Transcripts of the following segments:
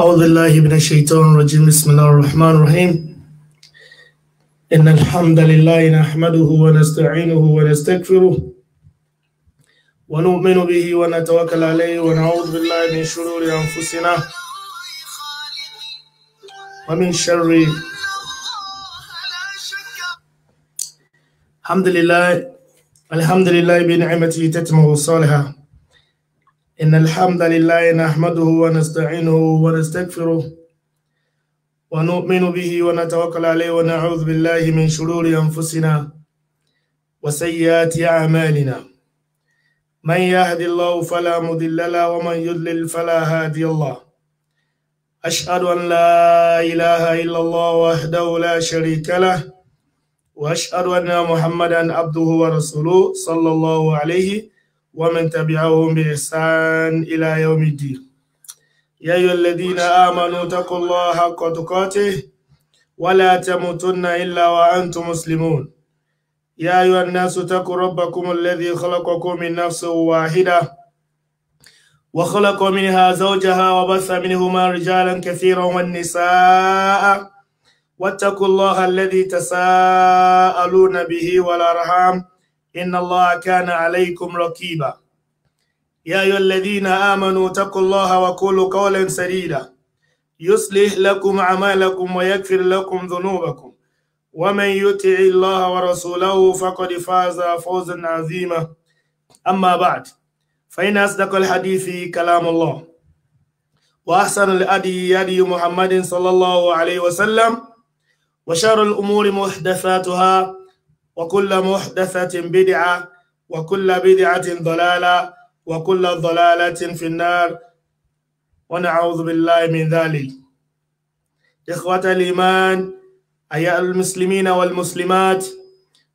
أعوذ بالله من الشيطان الرجيم بسم الله الرحمن الرحيم إن الحمد لله نحمده ونستعينه ونستغفره ونؤمن به ونتوكل عليه ونعوذ بالله من شرور أنفسنا ومن شر الحمد لله الحمد لله بنعمته تتمه الصالحه إن الحمد لله نحمده ونستعينه ونستغفره ونؤمن به ونتوكل عليه ونعوذ بالله من شرور أنفسنا وسيئات أعمالنا من يهد الله فلا مضل له ومن يضلل فلا هادي الله أشهد أن لا إله إلا الله وحده لا شريك له وأشهد أن محمدا عبده ورسوله صلى الله عليه وسلم ومن تبعهم بإحسان إلى يوم الدين يا أيها الذين آمنوا اتقوا الله حق تقاته ولا تموتن إلا وأنتم مسلمون يا أيها الناس اتقوا ربكم الذي خلقكم من نفس واحدة وخلق منها زوجها وبث منهما رجالا كثيرا والنساء واتقوا الله الذي تساءلون به والأرحام إن الله كان عليكم رقيبا يا أيها الذين آمنوا اتقوا الله وقولوا قولا سديدا يصلح لكم أعمالكم ويغفر لكم ذنوبكم ومن يطع الله ورسوله فقد فاز فوزا عظيما أما بعد فإن أصدق الحديث كلام الله وأحسن الأدي يدي محمد صلى الله عليه وسلم وشر الأمور محدثاتها وكل محدثة بدعة وكل بدعة ضلالة وكل ضلالة في النار ونعوذ بالله من ذلك إخوة الإيمان أيها المسلمين والمسلمات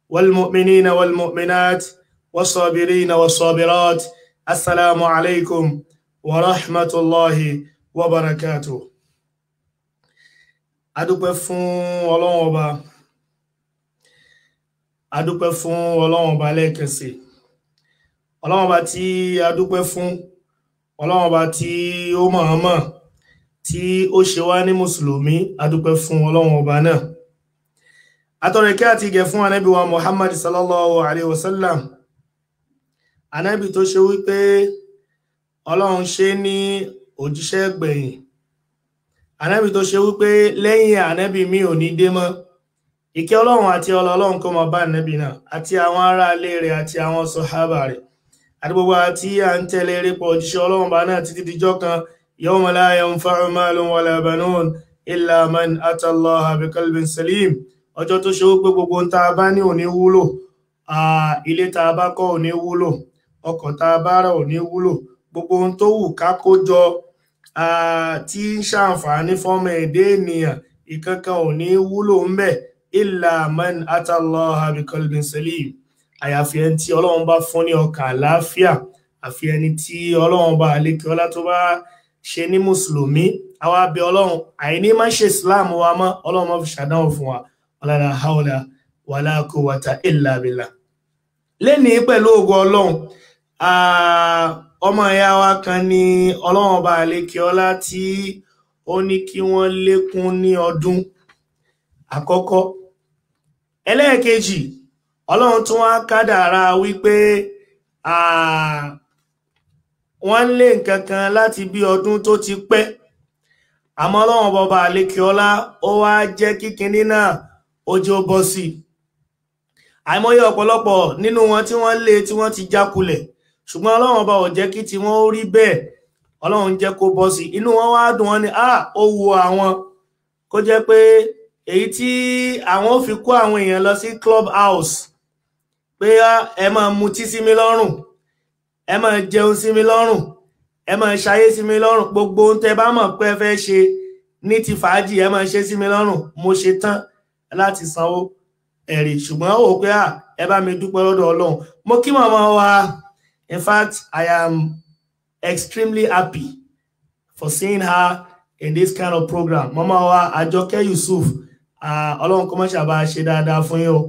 والمؤمنين والمؤمنات والصابرين والصابرات السلام عليكم ورحمة الله وبركاته أدوك فون ولون adúpẹ́ fún ọlọ́run ọba lẹ́ẹ̀kẹsì ọlọ́run ọba tí adúpẹ́ fún ọlọ́run ọba tí ó mọ̀ọ́mọ̀ tí ó ṣe wá ní mùsùlùmí adúpẹ́ fún ọlọ́run ọba náà atọ́rẹ̀kẹ́ àti ìgẹ̀ fún anábì wa muhammad sallallahu alayhi wa sallam anábì tó ṣe wípé ọlọ́run ṣe ní òjíṣẹ́ gbẹ̀yìn anábì tó ṣe wípé lẹ́yìn anábì mi ò ní dé mọ́ ìkẹ́ ọlọ́run àti ọlọ́run kó máa bá nẹ́bí náà àti àwọn ará ilé rẹ̀ àti àwọn sọ̀hábà rẹ̀ àti gbogbo àti à ń tẹ̀lé erépa òjíṣẹ́ ọlọ́run bá náà títí dijọ́ kan yawma la yanfa'u malun wala banun ń ta ní òní wúlò ènìyàn ìkankan òní wúlò ń bẹ illa man atallaha bi qalbin salim àyàfi ẹni tí ọlọ́run bá fún ní ọkàn àlàáfíà àfi ẹni tí ọlọ́run bá àlékè ọlá tó bá ṣe ní mùsùlùmí àwa ọlọ́run àìní má ṣe islam wa mọ́ ọlọ́run má fi ṣàdánwò fún wa ọlára haula wala quwwata illa billah lénìí pẹ̀lú ògo ọlọ́run ọmọ ìyá wa kan ni ọlọ́run ọba àlékè ọlá tí ó ní kí wọ́n lékún ní ọdún àkọ́kọ́ ẹlẹ́ẹ̀kejì ọlọ́run tún wá kádàrá wípé wọ́n ń lé nǹkan kan láti bí ọdún tó ti pẹ́ àmọ́ ọlọ́run bọba àlekíọ́lá ó wá jẹ́ kíkiní náà ojú ó bọ́ sí i àìmọye ọ̀pọ̀lọpọ̀ nínú wọn tí wọ́n lé tí wọ́n ti jákulẹ̀ ṣùgbọ́n ọlọ́run ọba ò jẹ́ kí tí wọ́n ó rí bẹ́ẹ̀ ọlọ́run jẹ́ kó bọ́ sí i inú wọn wá dùn wọn ni ó wu àwọn kó jẹ́ pé èyí tí àwọn ò fi kó àwọn èèyàn lọ sí club house pé ah, ẹ máa mutí sí mi lọ́rùn ẹ máa jẹun sí mi lọ́rùn ẹ máa ṣayé sí mi lọ́rùn gbogbo ohun tẹ bá mọ̀ pé ẹ fẹ́ ṣe ní ti fàájì ẹ máa ṣe sí mi lọ́rùn mo ṣe tán láti sanwó ẹ̀rì ṣùgbọ́n ó pé à ah, ẹ bá mi dúpẹ́ lọ́dọ̀ ọlọ́run mo kí màmá wa in fact i am extremely happy for seeing her in this kind of program màmá wa àjọkẹ́ yusuf ọlọ́run kọ́ mọ́ṣà bá ṣe dáadáa fún yóò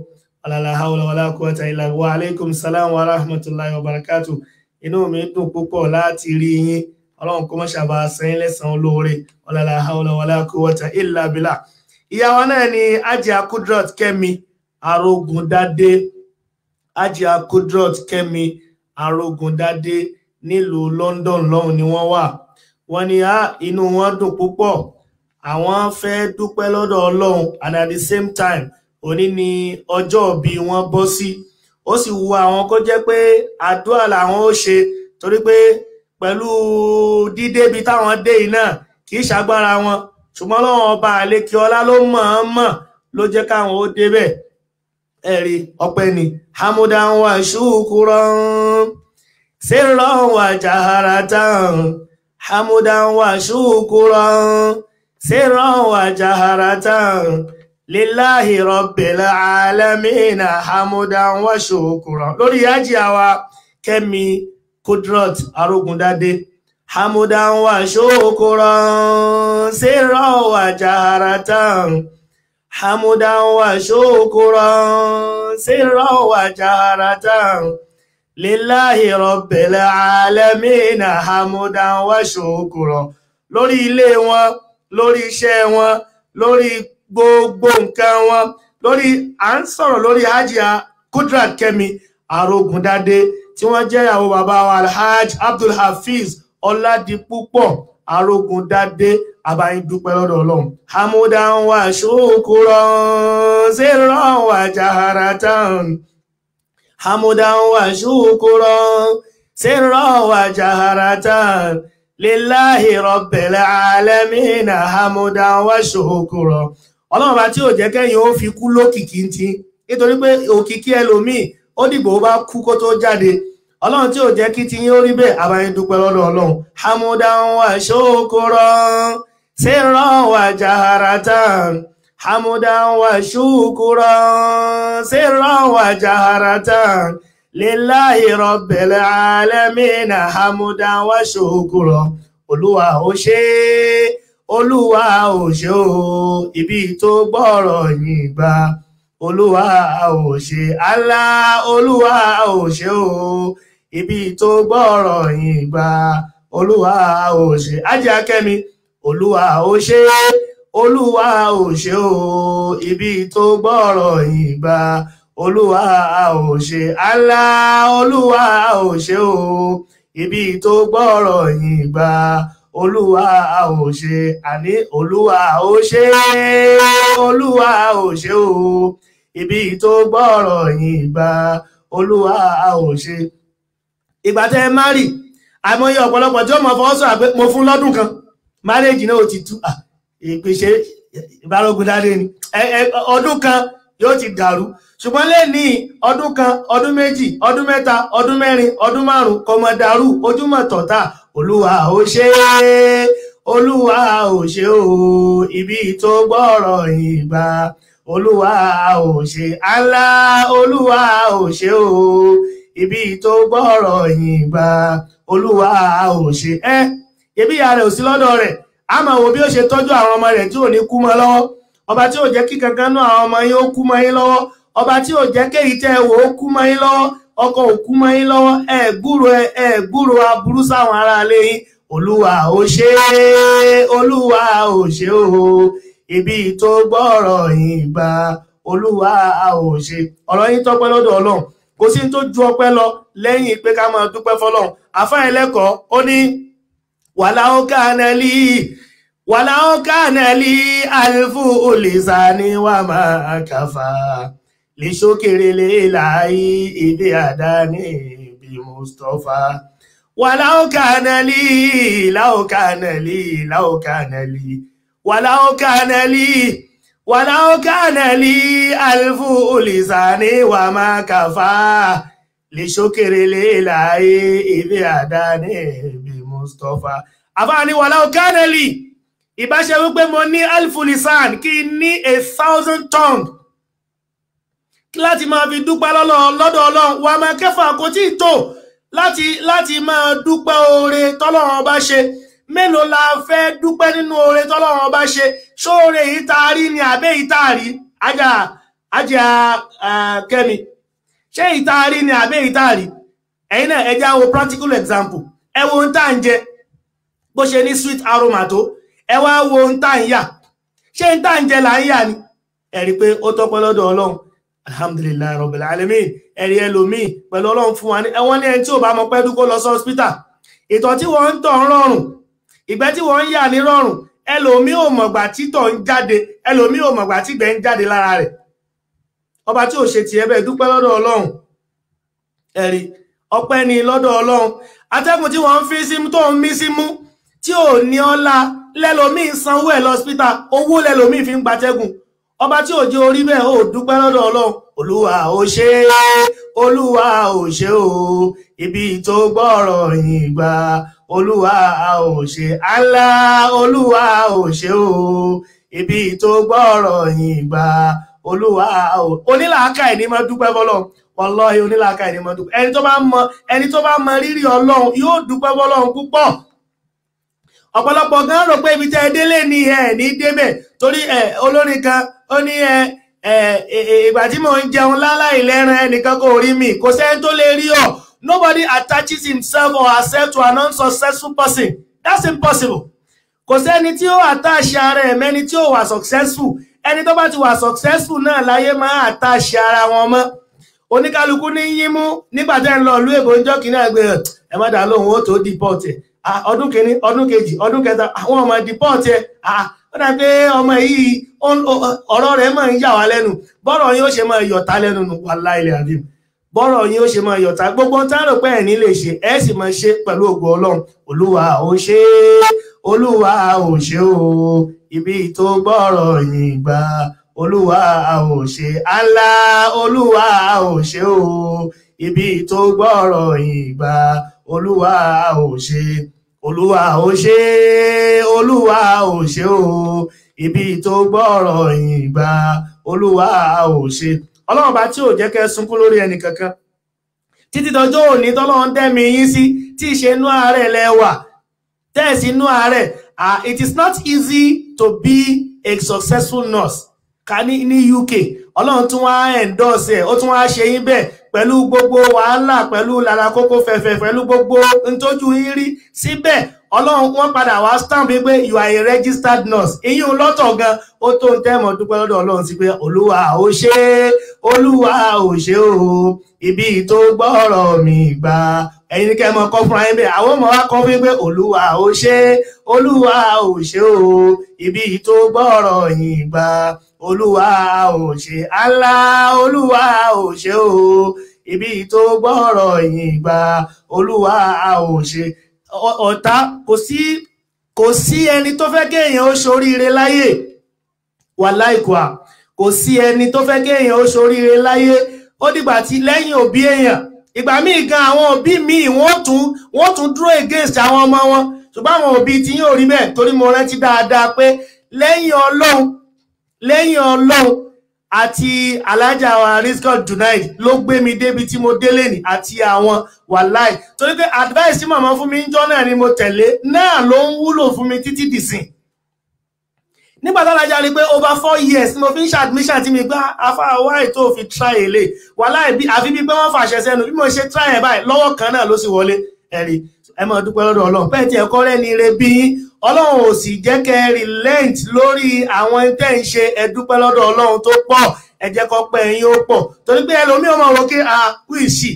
alàlá haúlá wàlá quwwata illa wa alaikum salam wa rahmatullahi wa barakatu inú mi dùn púpọ̀ láti rí yín ọlọ́run kọ́ mọ́ṣà bá sẹ́yìn lẹ́sàn olóore alàlá haúlá wàlá quwwata illa náà ni Hajiya Kudrat Kẹ́mi Arógundádé Hajiya Kudrat Kẹ́mi Arógundádé nílùú London lọ́hùn ni wọ́n wà wọ́n ní inú wọn dùn púpọ̀ àwọn fẹ́ dúpẹ́ lọ́dọ̀ ọlọ́run and at the same time òní ni ọjọ́ bí wọ́n bọ́ sí ó sì wu àwọn kó jẹ́ pé àdúrà làwọn ó ṣe torí pé pẹ̀lú dídébi táwọn dé yìí náà kì í ṣàgbára wọn ṣùgbọ́n ọlọ́run ọba àlekí ọlá ló mọ̀ ọ́n mọ̀ ló jẹ́ káwọn ó débẹ̀ ẹ̀rí ọpẹ́ ni hamudan wa ṣúkúrán sírran wa jaharatan hamudan wa ṣúkúrán. سرا وجهرة لله رب العالمين حمدا وشكرا lórí àjíà wa Kẹ́mi Kudrat Arógundadé حمدا وشكرا سرا وجهرة حمدا وشكرا سرا وجهرة لله رب العالمين حمدا وشكرا lórí ilé wọn lórí iṣẹ́ wọn lórí gbogbo nǹkan wọn lórí à ń sọ̀rọ̀ lórí hajia Kudrat Kẹ́mi Arógundádé tí wọ́n jẹ́ ìyàwó bàbá wa Alhaj Abdul Hafiz Ọládipúpọ̀ Arógundádé abayin dúpẹ́ lọ́dọ̀ Ọlọ́run hamudan wa ṣukuran sirran wa jaharatan hamudan wa ṣukuran sirran wa jaharatan. lillahi rabbil alamin hamdan wa shukura ọlọ́run bá tí ò jẹ́ kẹ́yìn fi kú lókìkí ti nítorí pé òkìkí elomi ó bá kú tó jáde ọlọ́run tí ti ó rí wa shukura wa jaharatan wa shukura wa jaharatan. lillahi rabbil alamin hamdan wa shukura olúwa ó ṣe olúwa ó ṣe o ibi tó gbọ́rọ̀ yìí gbà olúwa ó ṣe Allah olúwa ó ṣe o ibi tó gbọ́rọ̀ yìí gbà olúwa ó ṣe ajakẹ́mi olúwa ó ṣe olúwa ó ṣe o ibi tó gbọ́rọ̀ yìí gbà olúwa ò ṣe Allah olúwa ò ṣe o ibi tó gbọ́rọ̀ yìí gbà olúwa ò ṣe àní olúwa ò ṣe olúwa ò ṣe o ibi tó gbọ́rọ̀ yìí gbà olúwa ò ṣe. ìgbà tẹ ẹ mari àìmọye ọ̀pọ̀lọpọ̀ tí ó mọ̀ fọwọ́sọ àgbẹ̀ mo fún lọ́dún kan márèjì náà ti tú ìpèsè ìbálòpọ̀ dáadé ni ọdún kan yóò ti dàrú ṣùgbọ́n lè ní ọdún kan ọdún méjì ọdún mẹ́ta ọdún mẹ́rin ọdún márùn kọmọdàrú ojúmọ́ tọ̀tà olúwa ò ṣe é olúwa ò ṣe o ibi tó gbọ́rọ̀ ìgbà olúwa ò ṣe alá olúwa ò ṣe o ibi tó gbọ́rọ̀ ìgbà olúwa ò ṣe ẹ́ ebi ìyá rẹ̀ ò sí lọ́dọ̀ rẹ̀ a máa wo bí ó ṣe tọ́jú àwọn ọmọ rẹ̀ tí ò ní kú mọ́ lọ́wọ́ ọba tí ò jẹ́ kí kankan náà àwọn ọmọ yín ó kú mọ́ yín lọ́wọ́ ọba tí ò jẹ́ kéyìí tẹ́ ẹ wò ó kú mọ́ yín lọ́wọ́ ọkọ̀ ò kú mọ́ yín lọ́wọ́ ẹ gbúrò ẹ gbúrò aburú sáwọn aráalé yín olúwa ò ṣe é olúwa ò ṣe o ibi tó gbọ́rọ̀ yín gbà olúwa ò ṣe ọ̀rọ̀ yín tọ́pẹ́ lọ́dọ̀ ọlọ́run kò sí tó ju ọpẹ́ lọ lẹ́yìn pé ká máa dúpẹ́ fọlọ́run àfáà ẹlẹ́kọ̀ọ́ ó ní wàláwó kánẹ́lì wàláwó kánẹ́lì àlùfù olè sani wà máa kàfà lè ṣókèrè lè láàyè èdè àdáni bí mustapha wàláòkànálì láòkànálì láòkànálì wàláòkànálì wàláòkànálì alifu olùsàní wà máa kàfà lè ṣókèrè lè láàyè èdè àdáni bí mustapha àfáàní wàláòkànálì ìbáṣe wípé mo ní alifu lisan kí n ní a thousand tongue láti máa fi dúpẹ́ lọ́dọ̀ ọlọ́run wà máa kẹfà kò tí ì tó láti láti máa dúpẹ́ oore tọ́lọ́run ọba ṣe mélòó la fẹ́ dúpẹ́ nínú oore tọ́lọ́run ọba ṣe ṣóore yìí ni àbẹ́ yìí ajá ajá kẹ́mi ṣé yìí ni àbẹ́ yìí tá a ẹ̀yin náà ẹ wo practical example ẹ wo ohun tá ń jẹ bó ṣe ní sweet aroma tó ẹ wá wo ohun tá à ń yà ṣé ohun tá ń jẹ là ń yà ni ẹ pé ó tọ́pẹ́ lọ́dọ̀ ọlọ́run alhamdulilayi rabbil alamin ẹ̀rí ẹlòmíì pẹ̀lú ọlọ́run fún wa ní ẹwọ́n ní ẹni tí ò bá mọ pẹ́ẹ́dú kó lọ sí hospital ìtọ̀ tí wọ́n ń tọ̀ ń rọrùn ìgbẹ́ tí wọ́n ń yà ní rọrùn ẹlòmíì ò mọ̀gbà títọ̀ ń jáde ẹlòmíì ò mọ̀gbà tígbẹ́ ń jáde lára rẹ̀ ọba tí ò ṣe tiẹ̀ bẹ́ẹ̀ dúpẹ́ lọ́dọ̀ ọlọ́run ẹ̀rí ni lọ́dọ̀ ọlọ́run atẹ́gùn tí wọ́n ń fi símú tó ń mí símú tí ò ní ọlá lẹ́lòmíì sanwó ẹ̀ lọ́spítà owó lẹ́lòmíì fi ń gbatẹ́gùn ọba tí òjò orí bẹ́ẹ̀ ó dúpẹ́ lọ́dọ̀ ọlọ́run olúwa ò ṣe olúwa ò ṣe o ibi tó gbọ́rọ̀ yìí gbà olúwa ò ṣe alá olúwa ò ṣe o ibi tó gbọ́rọ̀ yìí gbà olúwa ò onílàákà ẹni máa dúpẹ́ fọlọ́ wọlọ́hìn onílàákà ẹni máa dúpẹ́ ẹni tó bá mọ ẹni tó bá mọ rírì ọlọ́run yóò dúpẹ́ fọlọ́run púpọ̀ ọ̀pọ̀lọpọ̀ gan rò pé ibi tẹ́ ẹ délé ni ẹ ní débẹ̀ torí ẹ olórin kan ó ní ẹ ìgbà tí mò ń jẹun láláì lẹ́ran ẹnìkan kò rí mi kò sẹ́ni tó lè rí ọ nobody attaches himself or herself to an unsuccessful person that's impossible kò sẹ́ni tí ó attach ara ẹ̀ mẹ́ni tí ó wà successful ẹni tó bá ti wà successful náà láyé máa attach ara wọn mọ́ oníkálukú ní yímú nígbà tẹ́ ń lọ ìlú èbó ń jọ́ kínní àgbẹ̀ ẹ má dà lóhùn ó tó deport ah, ọdún kejì ọdún kẹta àwọn ọmọ deport dà pé ọmọ yìí ọ̀rọ̀ rẹ̀ máa ń yà wá lẹ́nu bọ́rọ̀ yín ó ṣe máa yọ̀tá lẹ́nu nù wallahi alazim bọ́rọ̀ yín ó ṣe máa yọ̀tá gbogbo tá rò pé ẹ̀ní ṣe ẹ̀ sì máa ṣe pẹ̀lú ògo ọlọ́run olúwa ò o ibi tó gbọ́rọ̀ yìí gbà olúwa ò ṣe alá o ibi tó gbọ́rọ̀ yìí gbà olúwa olúwa ò ṣe olúwa ò ṣe o ibi tó gbọ́rọ̀ yìí gbà olúwa ò ṣe ọlọ́run bá tí ò jẹ́ kẹ́ sunkún lórí ẹnì kankan títí dọjọ́ òní tọ́lọ́run tẹ́mi yín sí tí ìṣe inú ààrẹ lẹ́wà tẹ́ẹ̀sì inú ààrẹ it is not easy to be a successful nurse ká ní ní UK ọlọ́run tún wá endorse ẹ̀ ó tún wá ṣe yín bẹ́ẹ̀ pẹ̀lú gbogbo wàhálà pẹ̀lú lára kókó fẹ̀fẹ̀ pẹ̀lú gbogbo ntójú yín rí síbẹ̀ ọlọ́run wọ́n padà wá stamp pé you are a registered nurse ìyún lọ́tọ̀ gan ó tó ń tẹ́mọ̀ dúpẹ́ lọ́dọ̀ ọlọ́run sí pé olúwa ò ṣe olúwa ò ṣe o ibi tó gbọ́rọ̀ mi gbà ẹ̀yin kẹ́ mọ kọ́ fúnra yín bẹ́ẹ̀ àwọn ọmọ wa kọ́ fún pé olúwa ò ṣe olúwa ò ṣe o ibi tó gbọ́rọ̀ yín gbà olúwa ò ṣe alá olúwa ò ṣe o ibi tó gbọ́rọ̀ yìn gbà olúwa a ò ṣe ọ̀tá kò sí kò sí ẹni tó fẹ́ kéèyàn ó ṣoríire láyé wà láìkùá kò sí ẹni tó fẹ́ kéèyàn ó ṣoríire láyé ó dìgbà tí lẹ́yìn òbí èèyàn ìgbà míì gan àwọn òbí míì wọ́n tún wọ́n tún dúró against àwọn ọmọ wọn ṣùgbọ́n àwọn òbí tí yóò rí bẹ́ẹ̀ torí mo rántí dáadáa pé lẹ́yìn ọlọ́run lẹ́yìn ọlọ́run àti alájà wa Rizqat Junaid ló gbé mi débi tí mo délé ní àti àwọn wàláì torí pé advice tí màmá fún mi ń jọ náà ni mo tẹ̀lé náà ló ń wúlò fún mi títí dìsìn nígbà tó alájà rí pé over four years mo fi ń ṣe admission tí mi gbá afáwá ètò òfin try èlé wàláì àfi bí pé wọ́n fàṣẹ sẹ́nu bí mo ṣe try ẹ̀ báyìí lọ́wọ́ kan náà ló sì wọlé ẹ̀rí ẹ máa dúpẹ́ lọ́dọ̀ ọlọ́run bẹ́ẹ̀ tí ẹ kọ́ lẹ́ni re bí ọlọ́run ò sì jẹ́ kẹ́ relent lórí àwọn tẹ́ ń ṣe ẹ dúpẹ́ lọ́dọ̀ ọlọ́run tó pọ̀ ẹ jẹ́ kó pẹ́ yín ó pọ̀ torí pé ẹlòmíì ọmọ wọn kí àkú ìṣì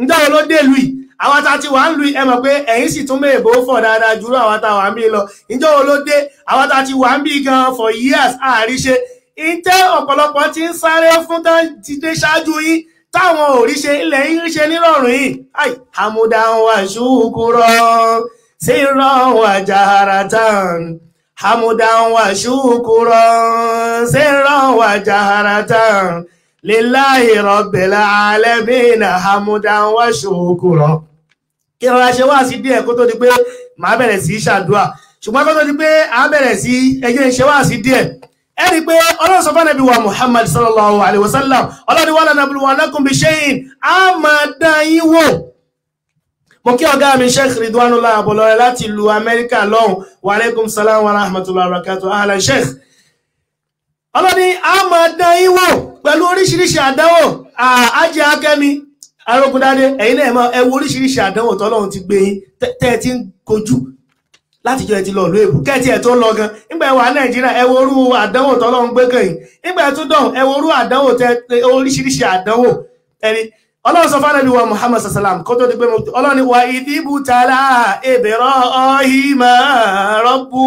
níjọ́ wo ló dé lu yìí àwọn tá a ti wà ń lu ẹ mọ̀ pé ẹ̀yìn sì tún mèèbó fọ̀ dáadáa jùlọ àwọn tá a wà ń bí lọ níjọ́ ló dé àwọn tá ti wà ń bí gan for years àríṣe ìtẹ́ ọ̀pọ̀lọpọ̀ ti ń sáré fún tán ti dé ṣáájú yín táwọn òríṣe ilẹ̀ yìí ṣe nírọ̀rùn yìí àmúdá wa ṣúkúrọ̀ sí rọ̀hún àjàràtàn àmúdá wa ṣúkúrọ̀ sí rọ̀hún àjàràtàn lillahi rabbil alamin àmúdá wa ṣúkúrọ̀ kí ọ̀rọ̀ ṣe wá sí díẹ̀ kó tó di pé màá bẹ̀rẹ̀ sí ṣàdúà ṣùgbọ́n kó tó di pé àá bẹ̀rẹ̀ sí ẹjẹ́ ṣe wá sí díẹ̀ ẹ̀rí pé ọlọ́run sọ fún ẹ̀nàbí wa muhammad sallallahu alaihi wasallam ọlọ́run wà lánàá bí wọn lakum bi shay'in a máa dá yín wò mo kí ọ̀gá mi sheikh ridwanullah abọlọrẹ láti ìlú amẹ́ríkà lọ́hùn wa alaikum salam wa rahmatullahi wa barakatuh ahlan sheikh ọlọ́run a máa dá yín wò pẹ̀lú oríṣiríṣi àdánwò ajé akẹ́mi arógundádé ẹ̀yin náà ẹ wo oríṣiríṣi àdánwò tọ́lọ́run ti gbé yín tẹ́ ẹ ti ń kojú láti jọ ẹ ti lọ ìlú èbó kẹ́ẹ̀tì ẹ̀ tó lọ gan nígbà ẹ wà nàìjíríà ẹ wo orú àdánwò tọ́lọ́run gbé kàn yín nígbà ẹ tún dán ẹ wo orú àdánwò tẹ oríṣiríṣi àdánwò ẹni ọlọ́run sọ fáwọn ẹbí wa muhammad sasalam kó tó di pé ọlọ́run wa ìdíbù ìbẹ̀rọ ọ̀hìnmá rọ́bù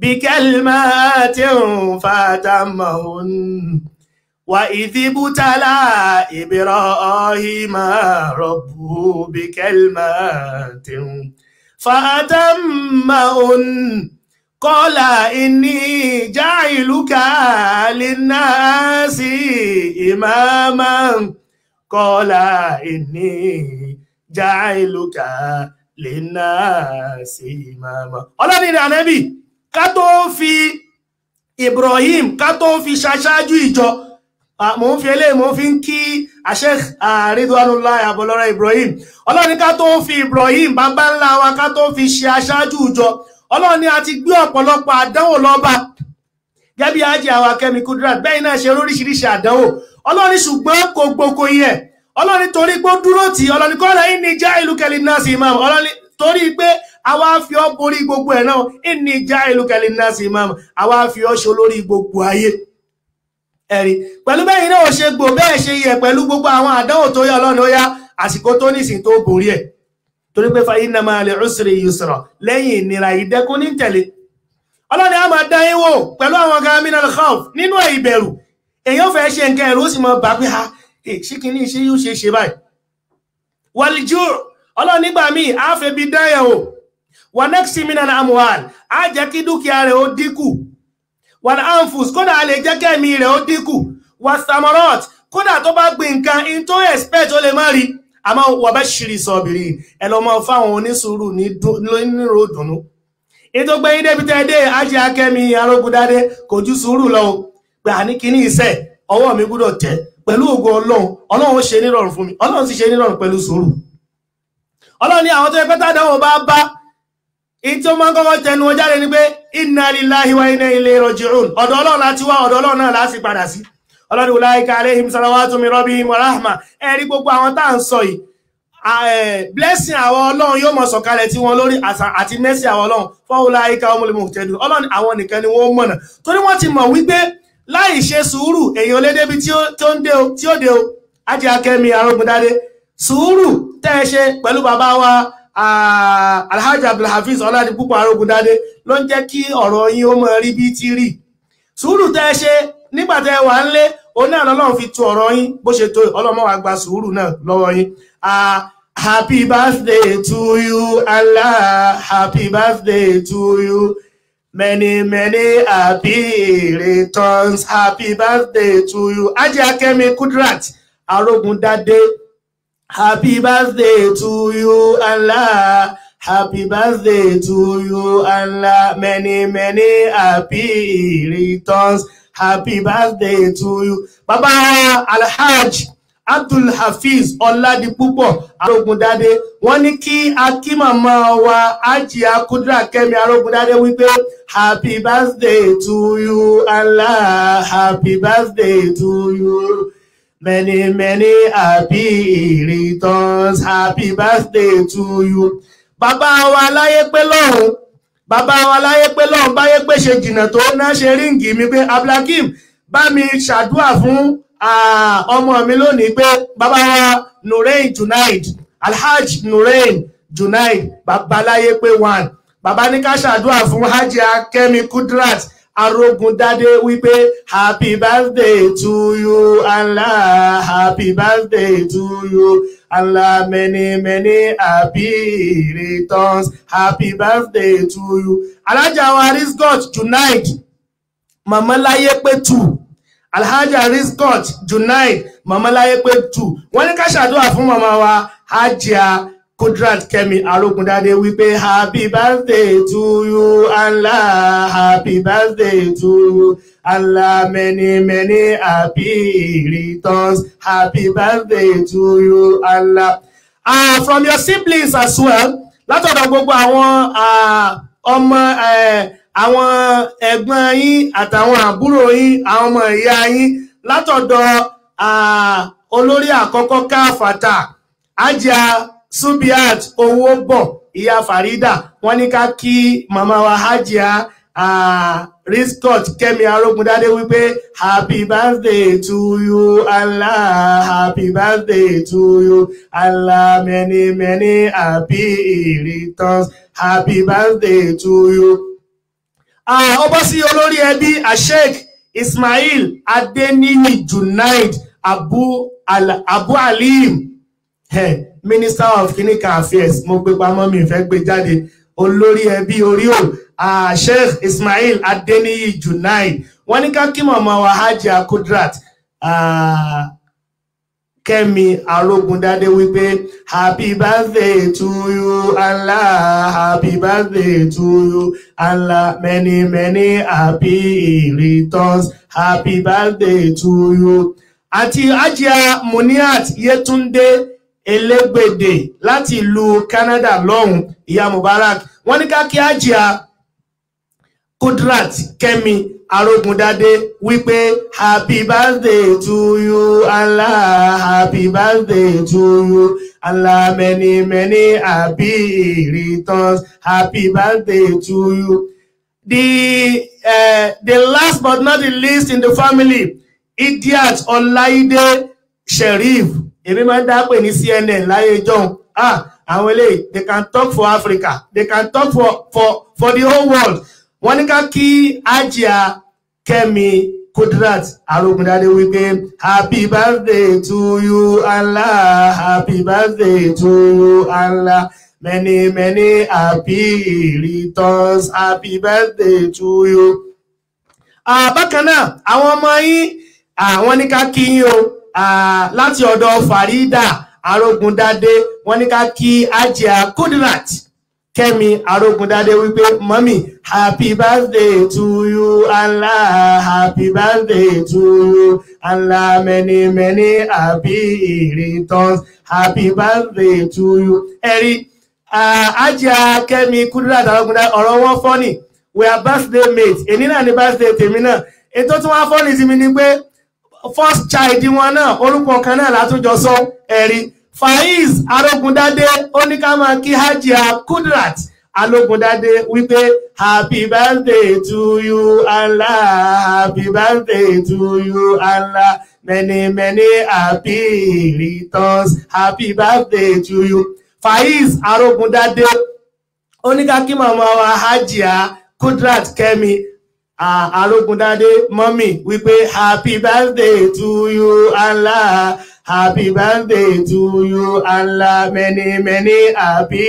bíkẹ́lìmá tí ń fàtàmọ̀hún wa ìdíbù tààlà ìbẹ̀rọ ọ̀hìnmá rọ́bù bíkẹ́lìmá tí ń fàtàmọ̀hún fàtàmàún kọ́lá iní já ìlúkà lìnàásì ìmáàmà kọ́lá iní já ìlúkà lìnàásì ìmáàmà. ọlọ́ni rẹ̀ ànábì ká tó fi Ibrahim ká tó fi ṣaṣáájú ìjọ Ah, mò ń fi eléyìí mò fi ń kí ah, Sheikh ah, Ridwanullah Abọ́lọ́rẹ́ Ibrahim ọlọ́run ní ká tó ń fi Ibrahim bàbá ńlá wa ká tó fi ṣe aṣáájú ìjọ ọlọ́run ní a ti gbé ọ̀pọ̀lọpọ̀ àdánwò lọ́ba gẹ́bí ajé àwọn akẹ́mi Kudrat bẹ́ẹ̀ náà ṣe oríṣiríṣi àdánwò ọlọ́run ṣùgbọ́n kò gbogbo yẹn ọlọ́run torí pé ó dúró tì ọlọ́run kọ́ra ìní já ìlú kẹlí náà sí imam ọlọ́run torí pé àwa fi ọ́ borí gbogbo ẹ̀ náà ìní já ìlú kẹlí náà sí imam àwa fi ọ́ ṣe olórí gbogbo ayé. ẹ̀rí pẹ̀lú bẹ́yìn náà ṣe gbò bẹ́ẹ̀ ṣe yẹ pẹ̀lú gbogbo àwọn àdánwò tó yọ lọ́nà ó yá àsìkò tó nìsín tó borí ẹ̀ torí pé fa inna ma li usri yusra lẹ́yìn ìnira ìdẹ́kùn ní tẹ̀lé pẹ̀lú àwọn ọ̀gá nínú ẹ̀ ìbẹ̀rù fẹ́ ṣe nǹkan ó ha eh, ṣe yóò ṣe ṣe báyìí míì á fẹ́ bi dán wò wà anfus kódà a lè jẹ́ kẹ́mi rẹ̀ ó dínkù wà samarot kódà tó bá gbin nǹkan in tó expect ó lè má rí àmọ́ wọ́n bá ṣìrì sọ̀bìrì ẹ lọ mọ fáwọn onísùúrù nírò dùnú ètò gbẹ̀yìn débi tẹ́ ajé akẹ́mi arógúndádé kò ju sùúrù lọ gbà ní kíní iṣẹ́ ọwọ́ mi gbúdọ̀ tẹ́ pẹ̀lú in tí ó máa ń kọ́kọ́ tẹnu wọn jáde ni pé inna lillahi wa inna ilayhi raji'un ọ̀dọ̀ ọlọ́run láti wá ọ̀dọ̀ ọlọ́run náà láti padà sí ọlọ́run ulaika alayhim salawatu min rabbihim wa rahma ẹ̀rí gbogbo àwọn tá à ń sọ yìí blessing àwọn ọlọ́run yóò mọ̀ sọ̀kalẹ̀ tí wọ́n lórí àti mercy àwọn ọlọ́run fa ulaika humul muhtadun alhaji abdulhafiz ọládipúpọ̀ arógundádé ló ń jẹ́ kí ọ̀rọ̀ yín ó mọ rí bí ti rí sùúrù tẹ́ ẹ ṣe nígbà tẹ́ ẹ wà ń lé òun náà lọ́lọ́run fi tu ọ̀rọ̀ yín bó ṣe tó ọlọ́mọ wa gba sùúrù náà lọ́wọ́ yín happy birthday to you allah happy birthday to you many many happy returns happy birthday to you ajé akẹ́mi kudrat arógundádé. Happy birthday to you, Allah. Happy birthday to you, Allah. Many, many happy returns. Happy birthday to you. Bàbá Alhaj Abdul Hafiz Ọládipúpọ̀ Arógundádé wọ́n ní kí akímọ̀mọ́ wa Ajiya Kudra Kẹ́mi Arógundádé wípé Happy birthday to you, Allah. Happy birthday to you. Many, many happy returns. Happy birthday to you. Bàbá wa láyé pé lọ́hùn. Bàbá wa láyé pé lọ́hùn báyé pé ṣe jìnnà tó ná ṣe ríǹgì mi pé Abdulhakeem bá mi ṣàdúrà fún ọmọ mi lónìí pé bàbá wa Nurain Junaid Alhaji Nurain Junaid bàbá láyé pé one. Bàbá ní ká ṣàdúrà fún Hajia Kemi Kudrat Arógundádé wípé happy birthday to you Allah happy birthday to you Allah many many happy returns happy birthday to you. Alájà wa God tonight Màmá Láyé pé two Alhaja God tonight Màmá Láyé pé two wọ́n ní ká ṣàdúrà fún màmá wa Hajia Kudrat Kemi Arogundade wípé happy birthday to you Allah happy birthday to you Allah many many happy returns happy birthday to you Allah. Uh, from your siblings as well látọ̀dọ̀ gbogbo àwọn ah, ọmọ eh, àwọn ẹ̀gbọ́n yín àtàwọn àbúrò yín àwọn ọmọ ìyá yín látọ̀dọ̀ ah, olórí àkọ́kọ́ káfàtà ajá subiat owó bọ̀ ìyá farida wọ́n ní ká kí màmá wa hajia riscott kẹ́mi arógundádé wípé happy birthday to you allah happy birthday to you allah many many happy returns happy birthday to you. ó bọ́ sí olórí ẹbí asheik ismail adeniyi junaid abu, al, abu alim. Hey minister of clinical affairs mo gbé pamọ́ mi fẹ́ gbé jáde olórí ẹbí oríò sheikh ismail adeniyi junai wọ́n ní ká kí mọ̀mọ́ wa hajj akudrat kẹ́mi arógundádé wípé happy birthday to you allah happy birthday to you allah many many happy returns happy birthday to you àti ajia muniat yetunde elégbèdè láti ìlú Canada lọ́hùn ìyá Mubarak wọ́n ní kákí àjíà Kudrat Kẹ́mi Arógundádé wípé happy birthday to you Allah happy birthday to you Allah many many happy returns happy birthday to you. The uh, the last but not the least in the family Idiat Ọláìdé Sheriff èmi máa ń dápè ní CNN láyé john ah àwọn eléyìí they can talk for Africa they can talk for for for the whole world wọ́n ní ká kí ajia Kẹ́mi Kudrat Arógundadé wípé happy birthday to you Allah happy birthday to you Allah many many happy returns happy birthday to you. Ah, bákan náà àwọn ọmọ yín àwọn ah, ní ká kí yín o láti ọ̀dọ̀ Farida Arógundádé wọ́n ní ká kí Ajia Kudirat Kẹ́mi Arógundádé wípé mọ́mì happy birthday to you Allah happy birthday to you Allah many many happy returns happy birthday to you. ẹ̀rí Ajia Kẹ́mi Kudirat Arógundádé ọ̀rọ̀ wọn fọ́nì we are birthday mates èyí náà ni birthday tèmi náà ètò tí wọ́n á fọ́nì sí mi ni pé first child wọn náà orúkọ kan náà látúnjọ sọ ẹ̀rí Faiz Arógundádé ó ní ká máa kí Hajia Kudrat Alógundádé wípé happy birthday to you Allah happy birthday to you Allah many many happy returns happy birthday to you Faiz Arógundádé ó ní ká kí màmá wa Hajia Kudrat Kẹ́mi Arógundádé mọ́mì wípé happy birthday to you Allah happy birthday to you Allah many many happy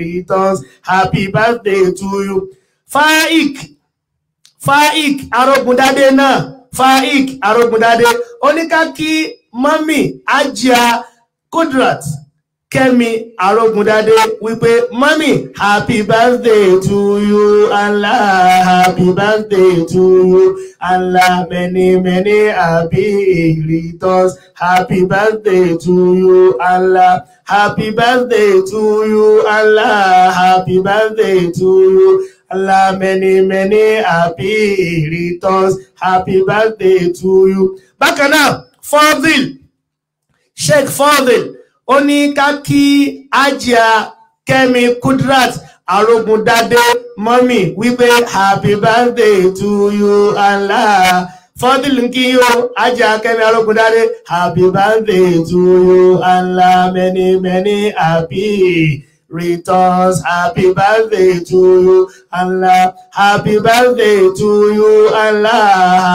returns happy birthday to you. Faik Faik Arógundádé náà Faik Arógundádé oníkàkí mọ́mì ajá Kudrat Kẹ́mi Arógundádé wípé mọ́mì happy birthday to you Allah happy birthday to you Allah many many happy returns happy birthday to you Allah happy birthday to you Allah happy birthday to you Allah many many happy returns happy birthday to you. Bákan náà Fadil Sheikh Fadil ó ní ká kí ajia kẹ́mi kudrat arógundádé mọ́mì wípé happy birthday to you allah fọ́dúlù kí yóò ajá kẹ́mi arógundádé happy birthday to you allah many many happy returns happy birthday to you allah happy birthday to you allah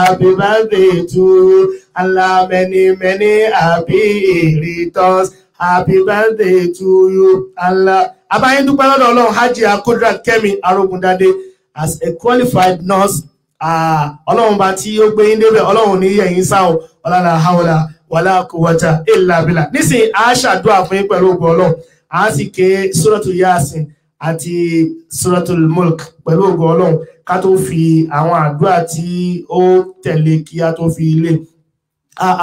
happy birthday to you allah many many happy returns happy birthday to you Allah abayin dúpẹ́ lọ́dọ̀ Ọlọ́run hajj akodra kemi arogundade as a qualified nurse Ọlọ́run bá tí ó gbé yín débẹ̀ Ọlọ́run ní yẹ̀yìn sá o ọlọ́la haola wàlá kòwàtà ìlàbílà nísìnyí a ṣàdúrà fún yín pẹ̀lú ògbó Ọlọ́run a sì ké suratu yasin àti suratul mulk pẹ̀lú ògbó Ọlọ́run ká tó fi àwọn àdúrà tí ó tẹ̀lé kí a tó fi ilé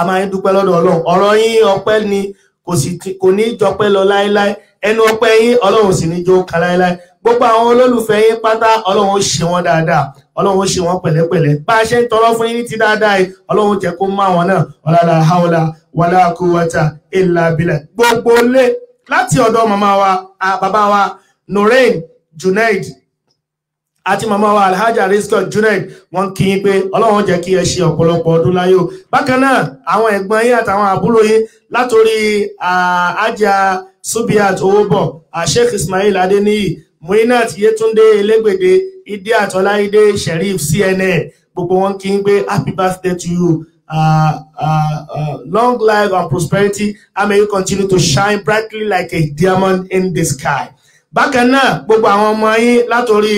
a máa ń dúpẹ́ lọ́dọ̀ yín ọpẹ́ ni kò sì kò ní jọpẹ́ lọ láéláé ẹnu ọpẹ́ yín ọlọ́run sì ní jó ka láéláé gbogbo àwọn olólùfẹ́ yín pátá ọlọ́run ó ṣe wọ́n dáadáa ọlọ́run ó ṣe wọ́n pẹ̀lẹ́pẹ̀lẹ́ bá a ṣe ń tọrọ fún yín ní ti dáadáa yìí ọlọ́run jẹ́ kó má wọn náà ọ̀làlà haúlà wàlà kúwàtà ìlà gbogbo lé láti ọ̀dọ̀ màmá wa bàbá wa Noreen Junaid àti mama wa alhaja riskon junaid wọn kí yín pé ọlọ́run jẹ́ kí ẹ ṣe ọ̀pọ̀lọpọ̀ ọdún láyò bákan náà àwọn ẹ̀gbọ́n yín àtàwọn àbúrò yín látòrí ajá subiat owóbọ̀ sheikh ismail adeniyi muinat yetunde elegbede ide atọláide sheriff cnn gbogbo wọn kí yín pé happy birthday to you uh, uh, uh, long life and prosperity and may you continue to shine brightly like a diamond in the sky bákan náà gbogbo àwọn ọmọ yín látòrí.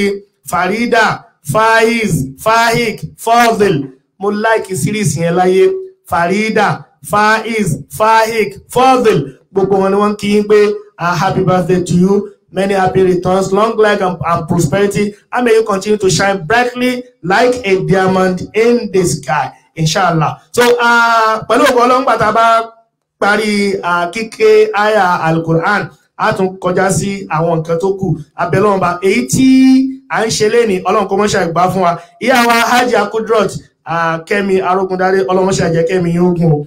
Farida Faiz Fahik Fadil mo láìkì síríìsì yẹn láyé Farida Faiz Fahik Fadil gbogbo wọn ni wọ́n kí yín pé a happy birthday to you many happy returns, long life and, and prosperity, and may you continue to shine brightly like a diamond in the sky. Inshallah. So, pẹ̀lú ọ̀pọ̀ ọlọ́ngbà tá a bá parí kíké àyà Al-Qur'an, a tún kọjá sí àwọn nǹkan tó kù abẹ́lọ́ọ̀ba èyí tí à ń ṣe léni ọlọ́run kó mọ́ṣà gbà fún wa ìyá wa hajj akudrot kẹ́mi arógundadé ọlọ́mọṣà jẹ́ kẹ́mi yóògùn o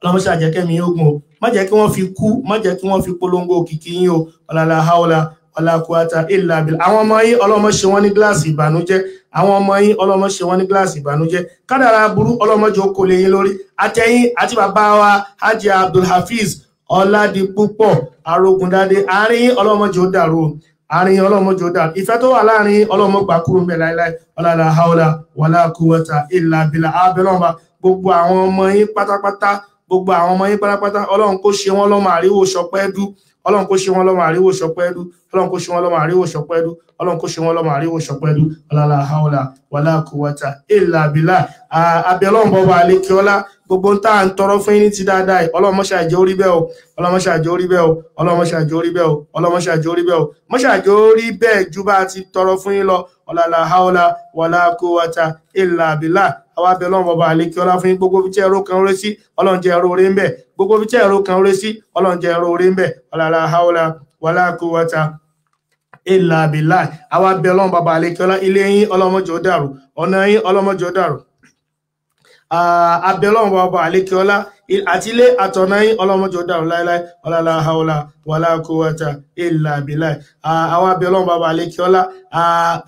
ọlọ́mọṣà jẹ́ kẹ́mi yóògùn o má jẹ́ kí wọ́n fi kú má jẹ́ kí wọ́n fi polongo kìkì yín o ọ̀làlà haola ọ̀làkùátà ìlàbìlà àwọn ọmọ yín ọlọ́mọ ṣe wọ́n ní gíláàsì ìbànújẹ́ àwọn ọmọ yín ọlọ́mọ ṣe wọ́n ní gíláàsì ìbànújẹ́ kádàrà burú ọlọ́mọjọ kò lè yín lórí àtẹ̀yìn àti bàbá wa hajj abdulhafiz ọládipúpọ̀ arógundadé àárín ọlọ́mọjọ dàrú àárín ọlọ́mọjò dáa ìfẹ́ tó wà láàrin ọlọ́mọgbà kúrò ń bẹ̀ láíláí ọlọ́lá haúlá wàlá kúwọ́ta ìlà bìlà abẹ́lọ́mọba gbogbo àwọn ọmọ yín pátápátá gbogbo àwọn ọmọ yín pátápátá ọlọ́run kó ṣe wọ́n lọ́mọ àríwò ṣọpẹ́ dú ọlọ́run gbogbo ń tá à ń tọrọ fún yín ní ti dáadáa yìí ọlọ́mọṣẹ́ àjẹ́ orí bẹ́ẹ̀ o ọlọ́mọṣẹ́ àjẹ́ orí bẹ́ẹ̀ o ọlọ́mọṣẹ́ àjẹ́ orí bẹ́ẹ̀ o ọlọ́mọṣẹ́ àjẹ́ orí bẹ́ẹ̀ o mọ́ṣẹ́ àjẹ́ orí bẹ́ẹ̀ ju bá a ti tọrọ fún yín lọ ọ̀làlà haúlà wàlà kúwàtà ìlà àbílà àwa bẹ lọ́wọ́ ọba àlékí ọlá fún yín gbogbo bí tí ẹ̀rọ kan rẹ sí ọlọ́run jẹ́ ẹ̀rọ orí ń bẹ̀ gbogbo bí tí ẹ̀rọ kan rẹ sí ọlọ́run jẹ́ ẹ̀rọ orí ń bẹ̀ ọ̀làlà Ah, abẹ́lọ́wọ̀n ọba àlékíọ́lá àti ilé àtọ̀nà yín ọlọ́mọjọ dàrú láíláí ọ̀làlá haúlà wàlá kúwàtà ìlà àbíláì àwọn abẹ ọlọ́run bàbá àlékiọ́lá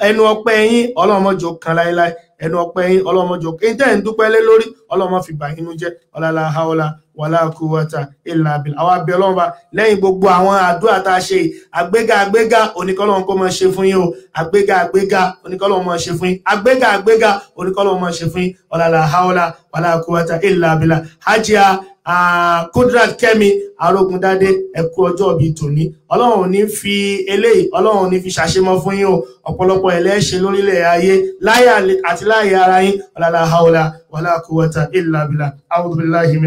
ẹnu ọpẹ́ yín ọlọ́mọjọ kan láíláí ẹnu ọpẹ́ yín ọlọ́mọjọ kan tẹ́ ń dúpẹ́ lé lórí ọlọ́mọ fi bà yínú jẹ́ ọ̀làlá haúlà wàlá kúwàtà ìlà àbíláì àwọn abẹ ọlọ́run bá lẹ́yìn gbogbo àwọn àdúrà tá a ṣe àgbéga àgbéga oníkọ́lọ́run kó máa ṣe fún yín o àgbéga àgbéga oníkọ́lọ́run máa ṣe fún yín àgbéga àgbéga oníkọ́lọ́run máa ṣe fún yín ọ̀làlá haúlà wàlá kúwàtà ìlà àbíláì hajj Kudrat Kẹ́mi Arógundádé ẹ kú ọjọ́ bíi tòní Ọlọ́run ní fi eléyìí Ọlọ́run ní fi ṣàṣemọ́ fún yín o ọ̀pọ̀lọpọ̀ ẹlẹ́ṣẹ̀ lórílẹ̀ ayé láyà àti láyè ara yín ọlọlá haula wàlá kúwàtà illa billah a'udhu billahi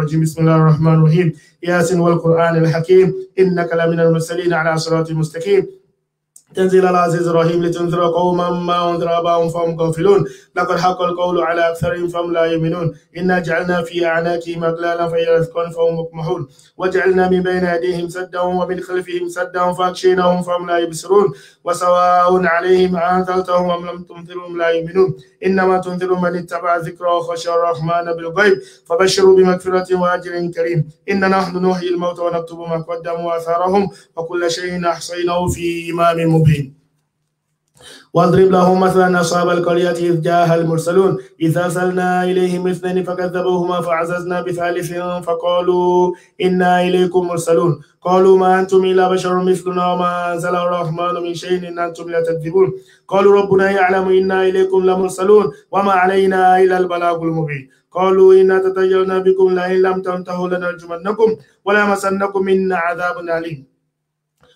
rajim bismillahir rahmanir rahim yasin wal qur'anil hakim innaka laminal mursalin ala siratin mustaqim تنزيل العزيز الرحيم لتنذر قوما ما انذر اباهم فهم غافلون لقد حق القول على اكثرهم فهم لا يؤمنون انا جعلنا في اعناقهم اغلالا فهي اذكر فهم مكمحون وجعلنا من بين ايديهم سدا ومن خلفهم سدا فاغشيناهم فهم لا يبصرون وسواء عليهم انذرتهم ام لم تنذرهم لا يؤمنون انما تنذر من اتبع ذكر وخشى الرحمن بالغيب فبشروا بمغفره واجر كريم ان نحن نحيي الموت ونكتب ما قدموا واثارهم وكل شيء احصيناه في امام مبين واضرب لهم مثلا أصحاب القرية إذ جاءها المرسلون اذا أرسلنا إليهم اثنين فكذبوهما فعززنا بثالث فقالوا إنا إليكم مرسلون قالوا ما أنتم إلا بشر مثلنا وما أنزل الرحمن من شيء إن أنتم لا تكذبون قالوا ربنا يعلم إنا إليكم لمرسلون وما علينا إلا البلاغ المبين قالوا إنا تطيرنا بكم لئن لم تنتهوا لنرجمنكم ولا مسنكم منا عذاب أليم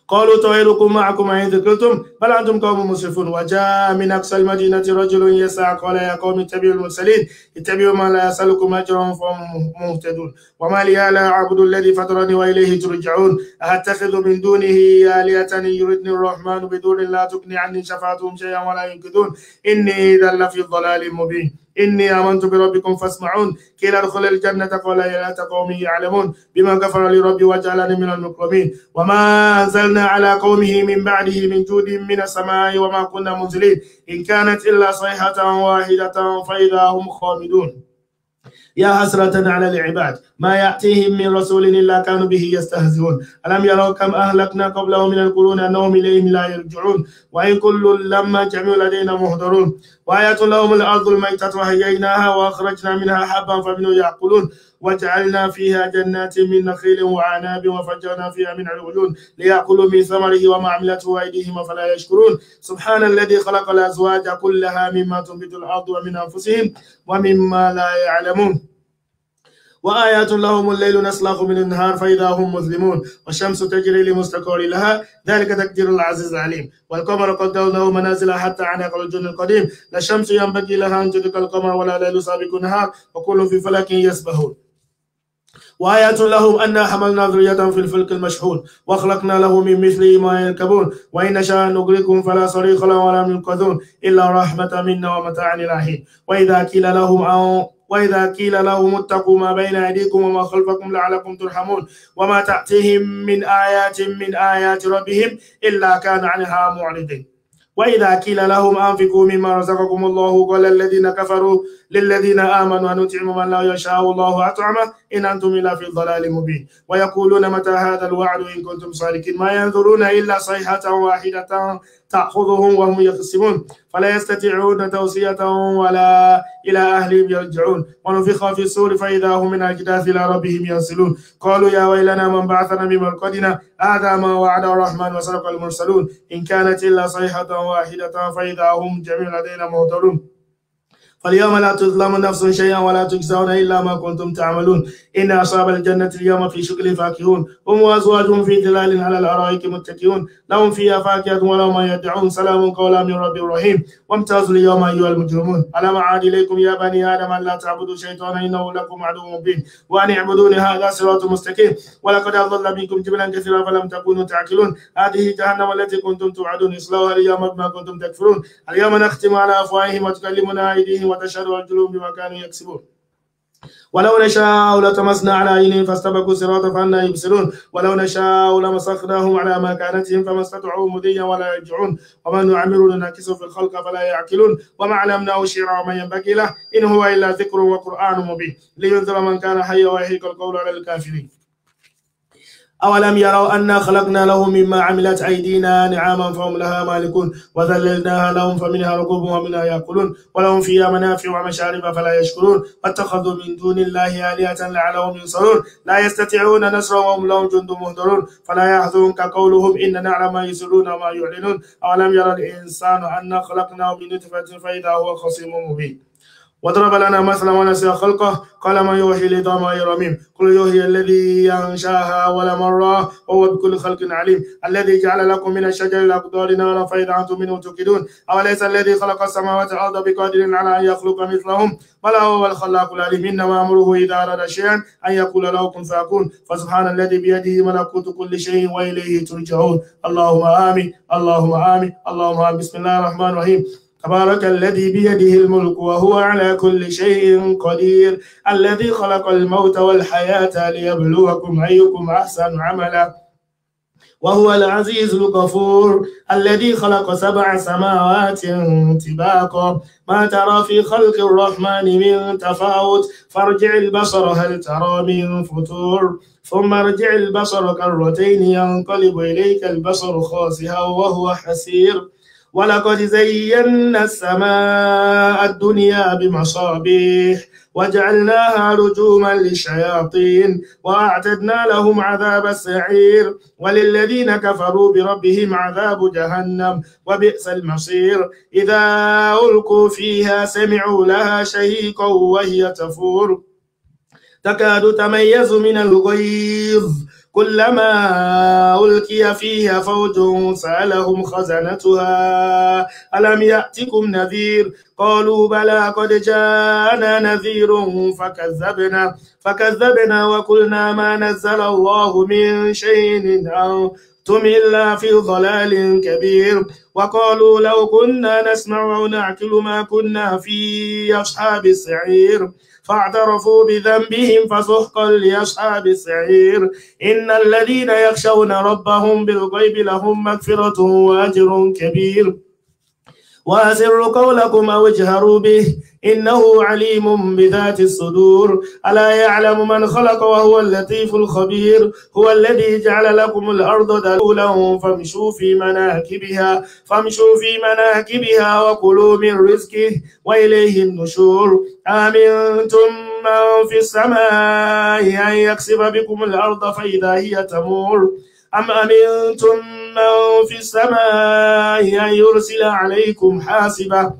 قالوا طائركم معكم إن ذكرتم بل أنتم قوم مسرفون وجاء من أقصى المدينة رجل يسعى قال يا قوم اتبعوا المرسلين اتبعوا ما لا يسألكم أجرا فهم مهتدون وما لي لا أعبد الذي فطرني وإليه ترجعون أتخذ من دونه آلهة يردني الرحمن بدون لا تغني عني شفاعتهم شيئا ولا ينقذون إني إذا لفي ضلال مبين إني آمنت بربكم فاسمعون كلا ادخل الجنة قال يا ليت قومي يعلمون بما غفر لي ربي وجعلني من المكرمين وما أنزلنا على قومه من بعده من جود من السماء وما كنا منزلين إن كانت إلا صيحة واحدة فإذا هم خامدون يا حسرة على العباد ما يأتيهم من رسول إلا كانوا به يستهزئون ألم يروا كم أهلكنا قبلهم من القرون أنهم إليهم لا يرجعون وإن كل لما جميع لدينا محضرون وآية لهم الأرض الميتة وهيئناها وأخرجنا منها حبا فمنه يعقلون وجعلنا فيها جنات من نخيل وعناب وفجرنا فيها من العيون ليأكلوا من ثمره وما عملته أيديهم فلا يشكرون سبحان الذي خلق الأزواج كلها مما تنبت الأرض ومن أنفسهم ومما لا يعلمون وآيات لهم الليل نسلخ من النهار فإذا هم مظلمون والشمس تجري لمستقر لها ذلك تقدير العزيز العليم والقمر قدرناه منازل حتى عن الجن القديم لا الشمس ينبغي لها أن تدرك القمر ولا ليل سابق النهار وكل في فلك يسبحون وآية لهم أنا حملنا ذرية في الفلك المشحون وخلقنا له من مثله ما يركبون وإن نشاء نغرقهم فلا صريخ لهم ولا منقذون إلا رحمة منا ومتاعا إلى حين وإذا قيل لهم أو وإذا قيل لهم اتقوا ما بين أيديكم وما خلفكم لعلكم ترحمون وما تأتيهم من آيات من آيات ربهم إلا كان عنها معرضين وإذا كيل لهم أنفقوا مما رزقكم الله قال الذين كفروا للذين آمنوا نطعم من لا يشاء الله أطعمه إن أنتم إلا في الضلال مبين ويقولون متى هذا الوعد إن كنتم صادقين ما ينظرون إلا صيحة واحدة تأخذهم وهم يقسمون فلا يستطيعون توصيتهم ولا إلى أهلهم يرجعون ونفخ في السور فإذا هم من أجداث إلى ربهم ينسلون قالوا يا ويلنا من بعثنا من هذا ما وعد الرحمن وصدق المرسلون إن كانت إلا صيحة واحدة فإذا هم جميع لدينا مهترون فاليوم لا تظلم نفس شيئا ولا تجزون الا ما كنتم تعملون ان اصحاب الجنه اليوم في شكل فاكهون هم وازواجهم في ظلال على الارائك متكئون لهم فيها فاكهة ولا ما يدعون سلام قولا من رب رحيم وامتازوا اليوم أيها المجرمون ألم أعد إليكم يا بني آدم أن لا تعبدوا الشيطان إنه لكم عدو مبين وأن يعبدون هذا صراط مستقيم ولقد أضل منكم جبلا كثيرا فلم تكونوا تعقلون هذه جهنم التي كنتم توعدون اصلوها اليوم بما كنتم تكفرون اليوم نختم على أفواههم وتكلمنا أيديهم وتشهد أرجلهم بما كانوا يكسبون ولو نشاء لطمسنا على عينهم فاستبقوا الصراط فانا يبصرون ولو نشاء لمسخناهم على مكانتهم فما استطاعوا مضيا ولا يرجعون وما نعمر ننكسه في الخلق فلا يعقلون وما علمناه شعرا وما ينبغي له ان هو الا ذكر وقران مبين لينذر من كان حيا ويحيق القول على الكافرين أولم يروا أنا خلقنا لهم مما عملت أيدينا نعاما فهم لها مالكون وذللناها لهم فمنها ركوب ومنها يأكلون ولهم فيها منافع ومشارب فلا يشكرون واتخذوا من دون الله آلهة لعلهم ينصرون لا يستطيعون نصرهم وهم لهم جند مهدرون فلا يحزنك قولهم إن نعلم ما يسرون وما يعلنون أولم يرى الإنسان أنا خلقناه من نتفة فإذا هو خصيم مبين وضرب لنا مثلا ونسي خلقه قال ما يوحي العظام وهي رميم قل يوحي الذي ينشاها ولا مره وهو بكل خلق عليم الذي جعل لكم من الشجر الاقدار نارا فاذا انتم منه توقدون اوليس الذي خلق السماوات والارض بقادر على ان يخلق مثلهم بل هو الخلاق العليم انما امره اذا اراد شيئا ان يقول له كن فيكون فسبحان الذي بيده ملكوت كل شيء واليه ترجعون اللهم امين اللهم امين اللهم امين بسم الله الرحمن الرحيم تبارك الذي بيده الملك وهو على كل شيء قدير الذي خلق الموت والحياة ليبلوكم أيكم أحسن عملا وهو العزيز الغفور الذي خلق سبع سماوات طباقا ما ترى في خلق الرحمن من تفاوت فارجع البصر هل ترى من فتور ثم ارجع البصر كرتين ينقلب إليك البصر خاسئا وهو حسير ولقد زينا السماء الدنيا بمصابيح وجعلناها رجوما للشياطين وأعتدنا لهم عذاب السعير وللذين كفروا بربهم عذاب جهنم وبئس المصير إذا ألقوا فيها سمعوا لها شهيقا وهي تفور تكاد تميز من الغيظ كلما ألقي فيها فوج سألهم خزنتها ألم يأتكم نذير قالوا بلى قد جاءنا نذير فكذبنا فكذبنا وقلنا ما نزل الله من شيء أو أنتم إلا في ضلال كبير وقالوا لو كنا نسمع ونعقل ما كنا في أصحاب السعير فاعترفوا بذنبهم فسحقا لأصحاب السعير إن الذين يخشون ربهم بالغيب لهم مغفرة وأجر كبير وأسروا قولكم أو اجهروا به إنه عليم بذات الصدور ألا يعلم من خلق وهو اللطيف الخبير هو الذي جعل لكم الأرض دلولا فامشوا في مناكبها فامشوا في مناكبها وكلوا من رزقه وإليه النشور آمنتم من في السماء أن يكسب بكم الأرض فإذا هي تمور أم أمنتم من في السماء أن يرسل عليكم حاسبة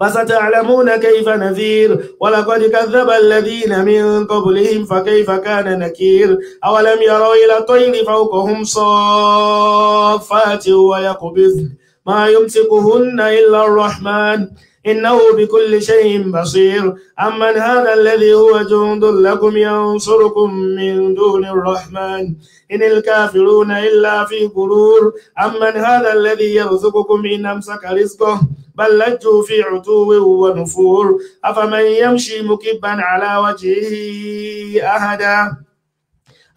فستعلمون كيف نذير ولقد كذب الذين من قبلهم فكيف كان نكير أولم يروا إلى الطير فوقهم صافات ويقبضن ما يمسكهن إلا الرحمن إنه بكل شيء بصير أمن هذا الذي هو جند لكم ينصركم من دون الرحمن إن الكافرون إلا في غرور أمن هذا الذي يرزقكم إن أمسك رزقه بل لجوا في عتو ونفور أفمن يمشي مكبا على وجهه أهدا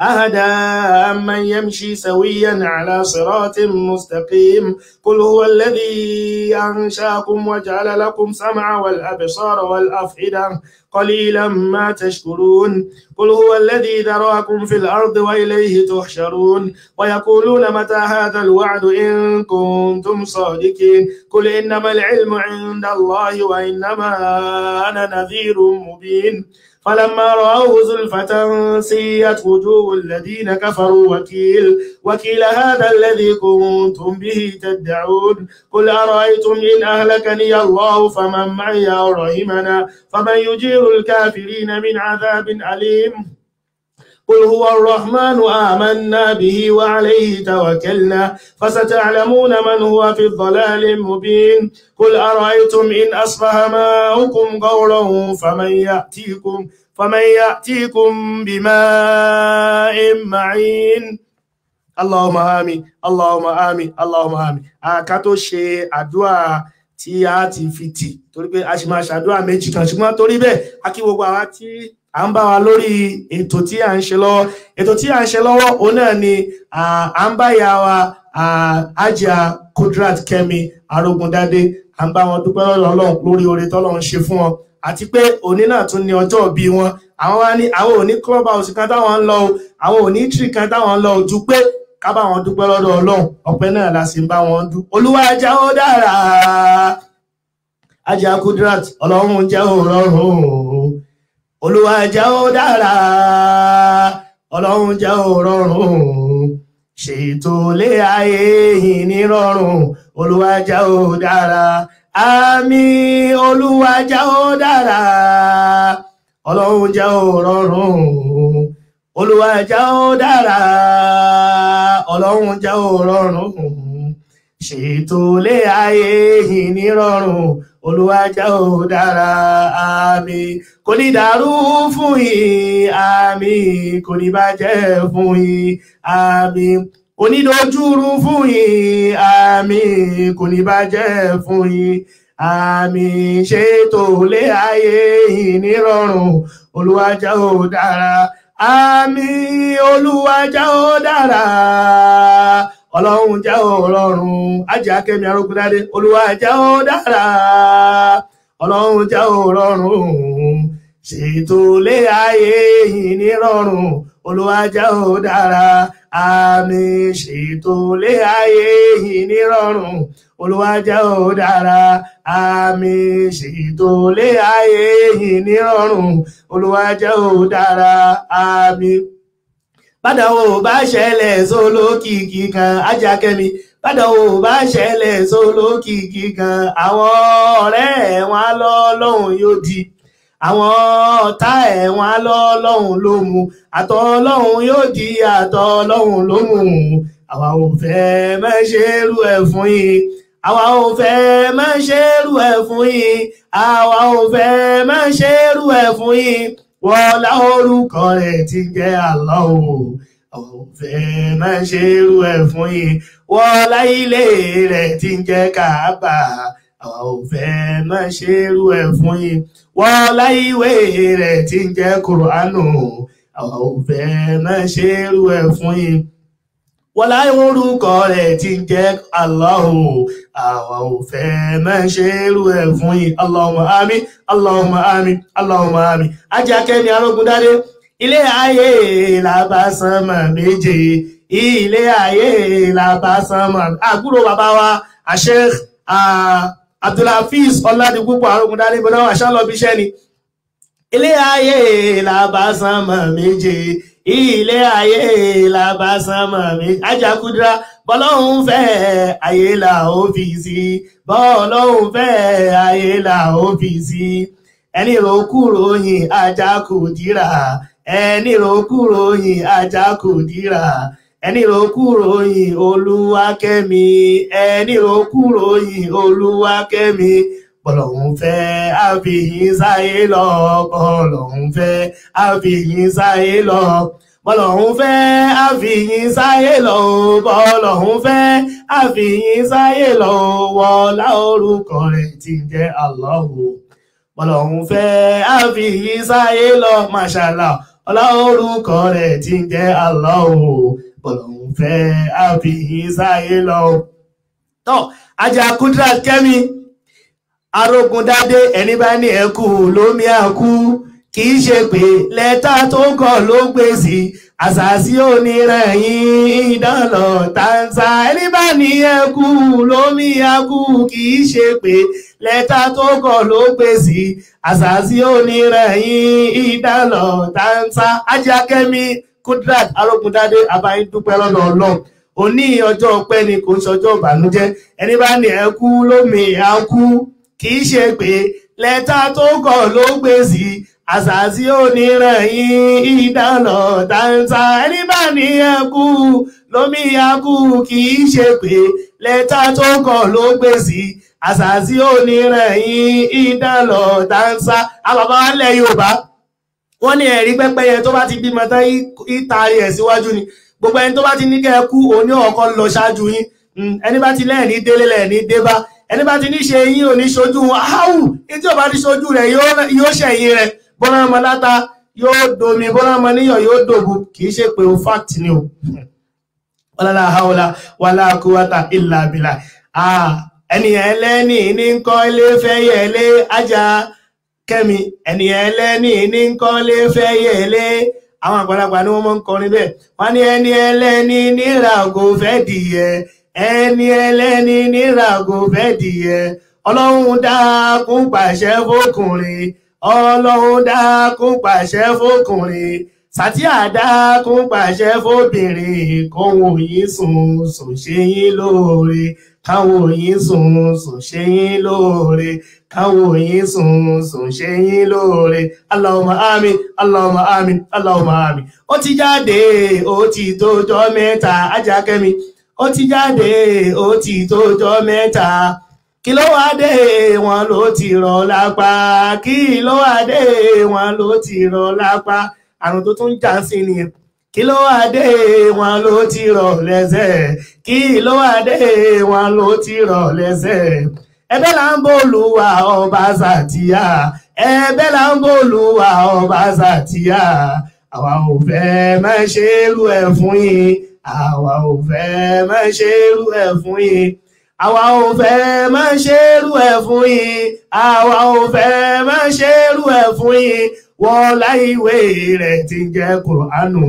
أهدى من يمشي سويا على صراط مستقيم قل هو الذي أنشاكم وجعل لكم سمع والأبصار والأفئدة قليلا ما تشكرون قل هو الذي ذراكم في الأرض وإليه تحشرون ويقولون متى هذا الوعد إن كنتم صادقين قل إنما العلم عند الله وإنما أنا نذير مبين فلما رأوه زلفة سيئت وجوه الذين كفروا وكيل وكيل هذا الذي كنتم به تدعون قل أرأيتم إن أهلكني الله فمن معي أو رحمنا فمن يجير الكافرين من عذاب أليم قل هو الرحمن آمنا به وعليه توكلنا فستعلمون من هو في الضلال المبين قل أرأيتم إن أصبح ماؤكم غورا فمن يأتيكم فمن يأتيكم بماء معين اللهم آمين اللهم آمين اللهم آمين أكتو شيء àdúrà تياتي فيتي ti fi tì torí pé a ṣe máa ṣàdúrà méjì kan à ń bá wa lórí ètò tí à ń ṣe lọ́wọ́ ètò tí à ń ṣe lọ́wọ́ òun náà ni à ń bá ìyá wa Hajiya Kudirat Kẹ́mi Arógundádé à ń bá wọn dúpẹ́ lọ́lọ́run lórí oore tọ́lọ́run ṣe fún wọn àti pé òní náà tún ní ọjọ́ ìbí wọn àwọn wa ní àwọn òní club house kan táwọn ń lọ o àwọn òní tree kan táwọn ń lọ o ju pé ká bá wọn dúpẹ́ lọ́dọ̀ ọlọ́run ọpẹ́ náà la sì ń bá wọn dú olúwa ajá ó dára Hajiya Kudirat ọlọ́run jẹ́ òrọ̀rùn o olúwa jẹ́ ó dára ọlọ́run jẹ́ ó rọrùn ṣètò lé ayé yìí ní rọrùn olúwa jẹ́ ó dára àmín olúwa jẹ́ ó dára ọlọ́run jẹ́ ó rọrùn olúwa jẹ́ ó dára ọlọ́run jẹ́ ó rọrùn ṣètò lé ayé yìí ní rọrùn olùwàjà ò dára àmì kò ní dàrú fún yín àmì kò ní bàjẹ́ fún yín àmì kò ní dojúrú fún yín àmì kò ní bàjẹ́ fún yín àmì ṣètò lé ayé yìí nírọ̀rùn olùwàjà ò dára àmì olùwàjà ò dára ọlọ́run jẹ́ òrọ̀rùn ajá kẹ́mi arógúndádé olúwa jẹ́ ó dára ọlọ́run jẹ́ òrọ̀rùn ṣètò lé ayé yìí ní rọ̀rùn olúwa jẹ́ ó dára àmín ṣètò lé ayé yìí ní rọ̀rùn olúwa jẹ́ ó dára àmín ṣètò lé ayé yìí ní rọ̀rùn olúwa jẹ́ ó dára àmín bádàwò bá ṣẹlẹ̀ sólókìkí kan ajakẹ́mi bádàwò bá ṣẹlẹ̀ sólókìkí kan àwọn ọ̀rẹ́ ẹ̀ wọn lọ́lọ́hùn yóò di àwọn ọ̀tá ẹ̀ wọn lọ́lọ́hùn ló mú àtọ́ ọlọ́hùn yóò di àtọ́ ọlọ́hùn ló mú àwa ò fẹ́ mẹ́ṣẹ́rú ẹ̀ fún yín àwa ò fẹ́ mẹ́ṣẹ́rú ẹ̀ fún yín àwa ò fẹ́ mẹ́ṣẹ́rú ẹ̀ fún yín wọ́lá orúkọ rẹ̀ ti jẹ́ àlọ́ òun ọ̀fẹ́ máa ṣe irú ẹ̀ fún yìí wọ́lá ilé rẹ̀ ti jẹ́ kàábà ọ̀fẹ́ máa ṣe irú ẹ̀ fún yìí wọ́lá ìwé rẹ̀ ti jẹ́ kùránù ọ̀fẹ́ máa ṣe irú ẹ̀ fún yìí wọ́lá orúkọ rẹ̀ ti jẹ́ àlọ́ òun àwa ò fẹ́ máa ṣe irú ẹ̀ fún yìí Allahumma àmín Allahumma àmín Allahumma àmín ajakẹ́ni arógundádé ilé ayé làbásánmà méje ilé ayé làbásánmà àbúrò bàbá wa Sheikh Abdulhafiz ọ̀làdìgbòpọ̀ arógundádé bọ́dá wà ṣálọ́bíṣẹ́ ni ilé ayé làbásánmà méje ilé ayé làbásánmà mi ajakudra bọ́lọ́hún fẹ́ ayé là ó fi sí bọ́ọ̀lọ́hún fẹ́ ayé là ó fi sí ẹni rokúròyìn ajakudira ẹni rokúròyìn ajakudira ẹni rokúròyìn olúwakẹ́mi ẹni bọ́lọ̀hún fẹ́ àfihìn sáyé lọ bọ́lọ̀hún fẹ́ àfihìn sáyé lọ bọ́lọ̀hún fẹ́ àfihìn sáyé lọ bọ́lọ̀hún fẹ́ àfihìn sáyé lọ wọlá orúkọ rẹ̀ tí jẹ́ Allahu bọ́lọ̀hún fẹ́ àfihìn sáyé lọ màṣàlá ọlá orúkọ rẹ̀ tí jẹ́ Allahu bọ́lọ̀hún fẹ́ àfihìn sáyé lọ. tọ́ ajá kudrat kẹ́mi arógundádé ẹni bá ní ẹkú lómi àkú kì í ṣe pé lẹ́tà tó kọ̀ ló gbé sí àṣàṣì oníran yín ìdánlọ̀ tàǹtà ẹni bá ní ẹkú lómi àkú kì í ṣe pé lẹ́tà tó kọ̀ ló gbé sí àṣàṣì oníran yín ìdánlọ̀ tàǹtà ajakẹ́mi Kudrat arógundádé abayín dúpẹ́ Ọlọ́run òní ọjọ́ ọpẹ́ ni kò ń ìbànújẹ́ ẹni bá ní ẹkú lómi àkú kì í ṣe pé lẹ́tà tó kọ̀ ló gbé sí àṣàṣì oníran yín ìdáná tàǹtà ẹni bá ní ẹkú lómi akú kì í ṣe pé lẹ́tà tó kọ̀ ló gbé sí àṣàṣì oníran yín ìdáná tàǹtà àbàbà alẹ́ Yorùbá wọ́n ní ẹ̀rí pẹ́pẹ́yẹ tó bá ti bímọ tán ìtaari ẹ̀ síwájú ni gbogbo ẹni tó bá ti ní kẹ́ ẹ kú òní ọ̀kan lọ ṣáájú yín hmm, ẹni bá ti lẹ́ẹ̀ní délé lẹ́ẹ̀ní débá ẹni bá ti ní ṣe yín ò ní ṣojú ahù etí ò bá ti ṣojú rẹ̀ yóò ṣẹ̀yìn rẹ̀ bọ́lá ọmọ láta yóò domi bọ́lá ọmọ níyàn yóò dòbu kì í ṣe pé o fact ni o wàlálà haula wàlá kúwàtà ìlà bìlà ẹnìyàn ẹlẹ́ni ní ń kọ́ ilé fẹ́ yẹ lé ajá kẹ́mi ẹnìyàn ẹlẹ́ni ní ń kọ́ ilé fẹ́ yẹ lé àwọn àgbàlagbà ni wọ́n mọ̀ ń kọrin bẹ́ẹ̀ wọ́n ní ẹni ẹlẹ́ni ní ìràgò fẹ́ dìyẹ ẹni ẹlẹ́ni níràgò fẹ́dìyẹ ọlọ́run dákun pàṣẹ fókùnrin ọlọ́run dákun pàṣẹ fókùnrin sàtíà dákun pàṣẹ fóbìnrin kóhun òyìn sùn sùn ṣe yín lóore káwọn òyìn sùn sùn ṣe yín lóore káwọn òyìn sùn sùn ṣe yín lóore Allahumma amin Allahumma amin Allahumma amin ó ti jáde ó ti tó jọ mẹ́ta ajakẹ́mi ó ti jáde ó ti tójọ́ mẹ́ta kí ló wá dé wọn ló ti rọ lápá kí ló wá dé wọn ló ti rọ lápá àrùn tó tún jà sí ni kí ló wá dé wọn ló ti rọ lẹ́sẹ̀ kí ló wá dé wọn ló ti rọ lẹ́sẹ̀ ẹ̀bẹ̀ là ń bòlù wa ọba sàtìyà ẹ̀bẹ̀ là ń bòlù wa ọba sàtìyà àwa ò fẹ́ máa ṣe é lu ẹ fún yín àwa ò fẹ́ má ṣerú ẹ̀ fún yín àwa ò fẹ́ má ṣerú ẹ̀ fún yín àwa ò fẹ́ má ṣerú ẹ̀ fún yín wọ́n láìwé rẹ̀ ti jẹ́ kùránù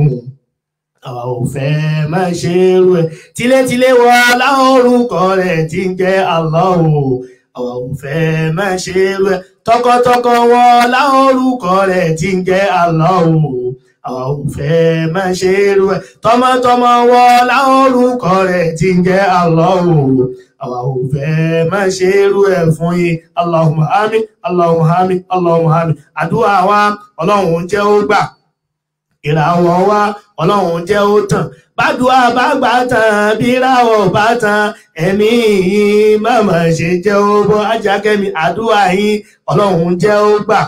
àwa ò fẹ́ má ṣerú ẹ̀ tilétilé wọ́n láorúkọ rẹ̀ ti jẹ́ aláwo àwa ò fẹ́ má ṣerú ẹ̀ tọkọtọkọ wọ́n láorúkọ rẹ̀ ti jẹ́ aláwo àwa ò fẹ́ má ṣe irú ẹ̀ tọmọtọmọ wọ láwọn orúkọ rẹ̀ ti ń jẹ́ Allahu àwa ò fẹ́ má ṣe irú ẹ̀ fún yín Allahumma àmín Allahumma àmín Allahumma àmín àdúrà wa ọlọ́run jẹ́ ó gbà ìràwọ̀ wa ọlọ́run jẹ́ ó tàn bádùá bá gbà tán bíràwọ̀ bá tán ẹ̀mí yìí màmá ṣe jẹ́ ó bọ́ ajakẹ́mi àdúrà yín ọlọ́run jẹ́ ó gbà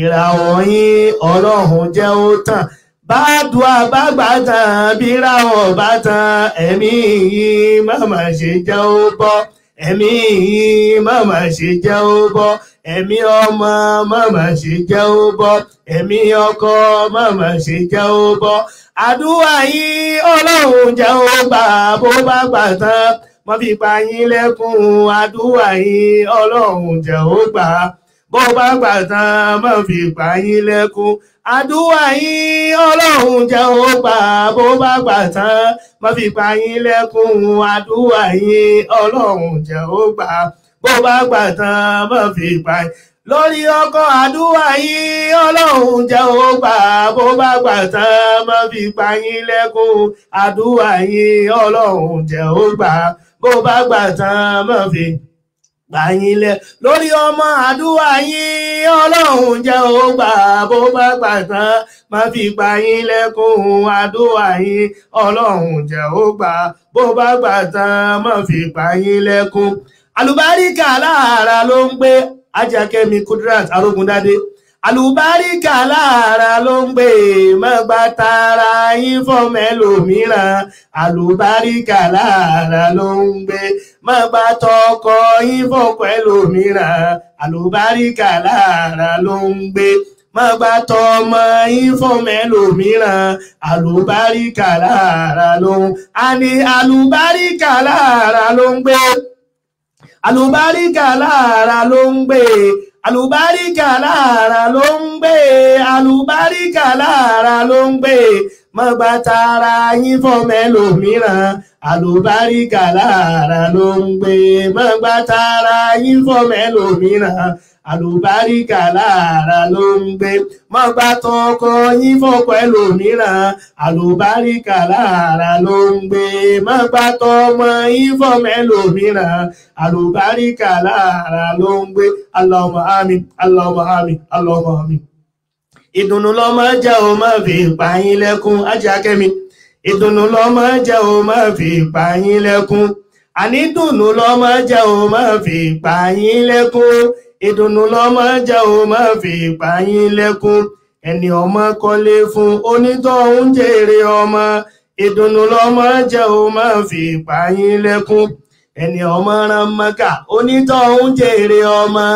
ìràwọ̀ yín ọlọ́run jẹ́ ó tàn bàdù àbágbàtàn bíra wọn bàtàn ẹ̀mí yìí màmá ṣe jẹ́ ó bọ́ ẹ̀mí yìí màmá ṣe jẹ́ ó bọ́ ẹ̀mí ọmọ màmá ṣe jẹ́ ó bọ́ ẹ̀mí ọkọ màmá ṣe jẹ́ ó bọ́ àdúrà yìí ọlọ́run jẹ́ ó gbà bó bá gbà tán mo fi pa lẹ́kùn àdúrà yìí ọlọ́run jẹ́ ó gbà bó bá gbà mo fi pa lẹ́kùn àdúrà yín ọlọ́run jẹ́ ó gbà bó bá gbà tán má fi pa yín lẹ́kùn àdúrà yín ọlọ́run jẹ́ ó gbà bó bá gbà tán má fi pa yín lórí ọkọ̀ àdúrà yín ọlọ́run jẹ́ ó bó bá gbà tán má fi pa yín lẹ́kùn àdúrà yín ọlọ́run jẹ́ ó bó bá gbà tán má fi pa gbàyìnlẹ̀ lórí ọmọ àdúrà yín ọlọ́run jẹ́ ó gbà bó bá gbà tán má fi gbàyìnlẹ̀ kún àdúrà yín ọlọ́run jẹ́ ó gbà bó bá gbà tán má fi gbàyìnlẹ̀ kún. àlùbáríkà láàárọ̀ ló ń gbé Ajakemi Kudrat Arógundádé àlùbáríkà lára ló ń gbé mọ́gbà tara yín fọ́mẹ́lòmíràn àlùbáríkà lára ló ń gbé mọ́gbà tọkọ yín fọ́pẹ́lòmíràn àlùbáríkà lára ló ń gbé mọ́gbà tọmọ yín fọ́mẹ́lòmíràn àlùbáríkà lára ló ń àní àlùbáríkà lára ló ń gbé àlùbáríkà lára ló ń gbé àlùbáríkà lára ló ń gbé àlùbáríkà lára ló ń gbé mọ́gbà tara yín fọ́mẹ́ lòmíràn àlùbáríkà lára ló ń gbé mọ́gbà tara yín fọ́mẹ́ lòmíràn àlùbáríkà lára ló ń gbé mọ́ bá tán ọkọ yín fọ́pọ̀ ẹlòmíràn àlùbáríkà lára ló ń gbé mọ́ bá tán ọmọ yín fọ́mọ ẹlòmíràn àlùbáríkà lára ló ń gbé Allahumma amin Allahumma amin Allahumma amin. ìdùnnú lọ́mọ jẹ́ o máa fi pààyàn lẹ́kún ajakẹ́mi ìdùnnú lọ́mọ jẹ́ o máa fi pààyàn lẹ́kún ànídùnnú lọ́mọ jẹ́ o máa fi pààyàn lẹ́kún ìdùnnú lọ́mọ jẹ́ ò má fi pààyàn lẹ́kún ẹni ọmọ kọ́lé fún onítọ̀ ń jèrè ọmọ ìdùnnú lọ́mọ jẹ́ ò má fi pààyàn lẹ́kún ẹni ọmọ rán mọ́kà onítọ̀ ń jèrè ọmọ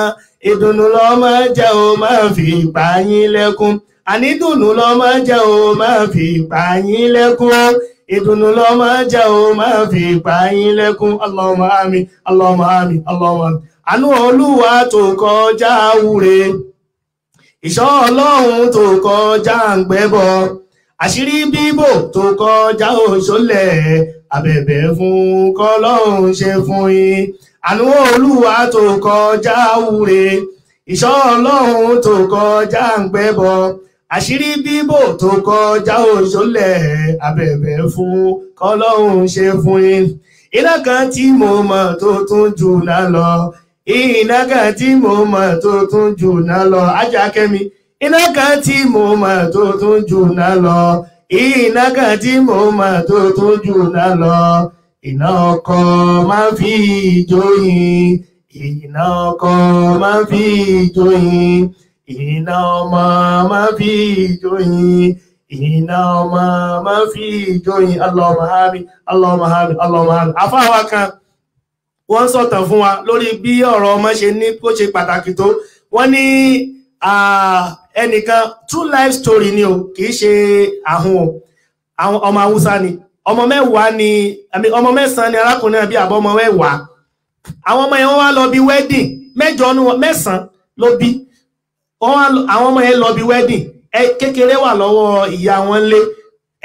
ìdùnnú lọ́mọ jẹ́ ò má fi pààyàn lẹ́kún ànídùnnú lọ́mọ jẹ́ ò má fi pààyàn lẹ́kún ìdùnnú lọ́mọ jẹ́ ò má fi pààyàn lẹ́kún Allahumma amin Allahumma amin Allahumma amin àánú olúwa tó kọjá wúre ìṣọ́ ọlọ́run tó kọjá ń gbẹ́bọ àṣírí bíbò tó kọjá òṣòlẹ̀ àbẹ̀bẹ̀ fún kọlọ́run ṣe fún yín àánú olúwa tó kọjá wúre ìṣọ́ ọlọ́run tó kọjá ń gbẹ́bọ àṣírí bíbò tó kọjá òṣòlẹ̀ àbẹ̀bẹ̀ fún kọlọ́run ṣe fún yín iná kan tí mo mọ̀ tó tún jù náà iná kan tí mo mọ̀ tó tún jù náà lọ ajá kẹ́mi iná kan tí mo mọ̀ tó tún jù náà lọ iná kan tí mo mọ̀ tó tún jù náà lọ iná ọkọ̀ máa fi ìjòyìn iná ọkọ̀ máa fi ìjòyìn ọmọ máa fi ìjòyìn iná ọmọ máa wọ́n sọ̀tàn fún wa lórí bí ọ̀rọ̀ ọmọ ṣe ní kó ṣe pàtàkì tó wọ́n ní ẹnìkan true life story ni o kì í ṣe àhun ọmọ haúsá ni ọmọ mẹ́wàá ni ọmọ mẹ́sàn-án ni arákùnrin náà àbọ̀ ọmọ mẹ́wàá àwọn ọmọ yẹn wọ́n wá lọ bí wedding mẹ́jọ mẹ́sàn-án ló bí àwọn ọmọ yẹn lọ bí wedding kékeré wà lọ́wọ́ ìyá wọn lé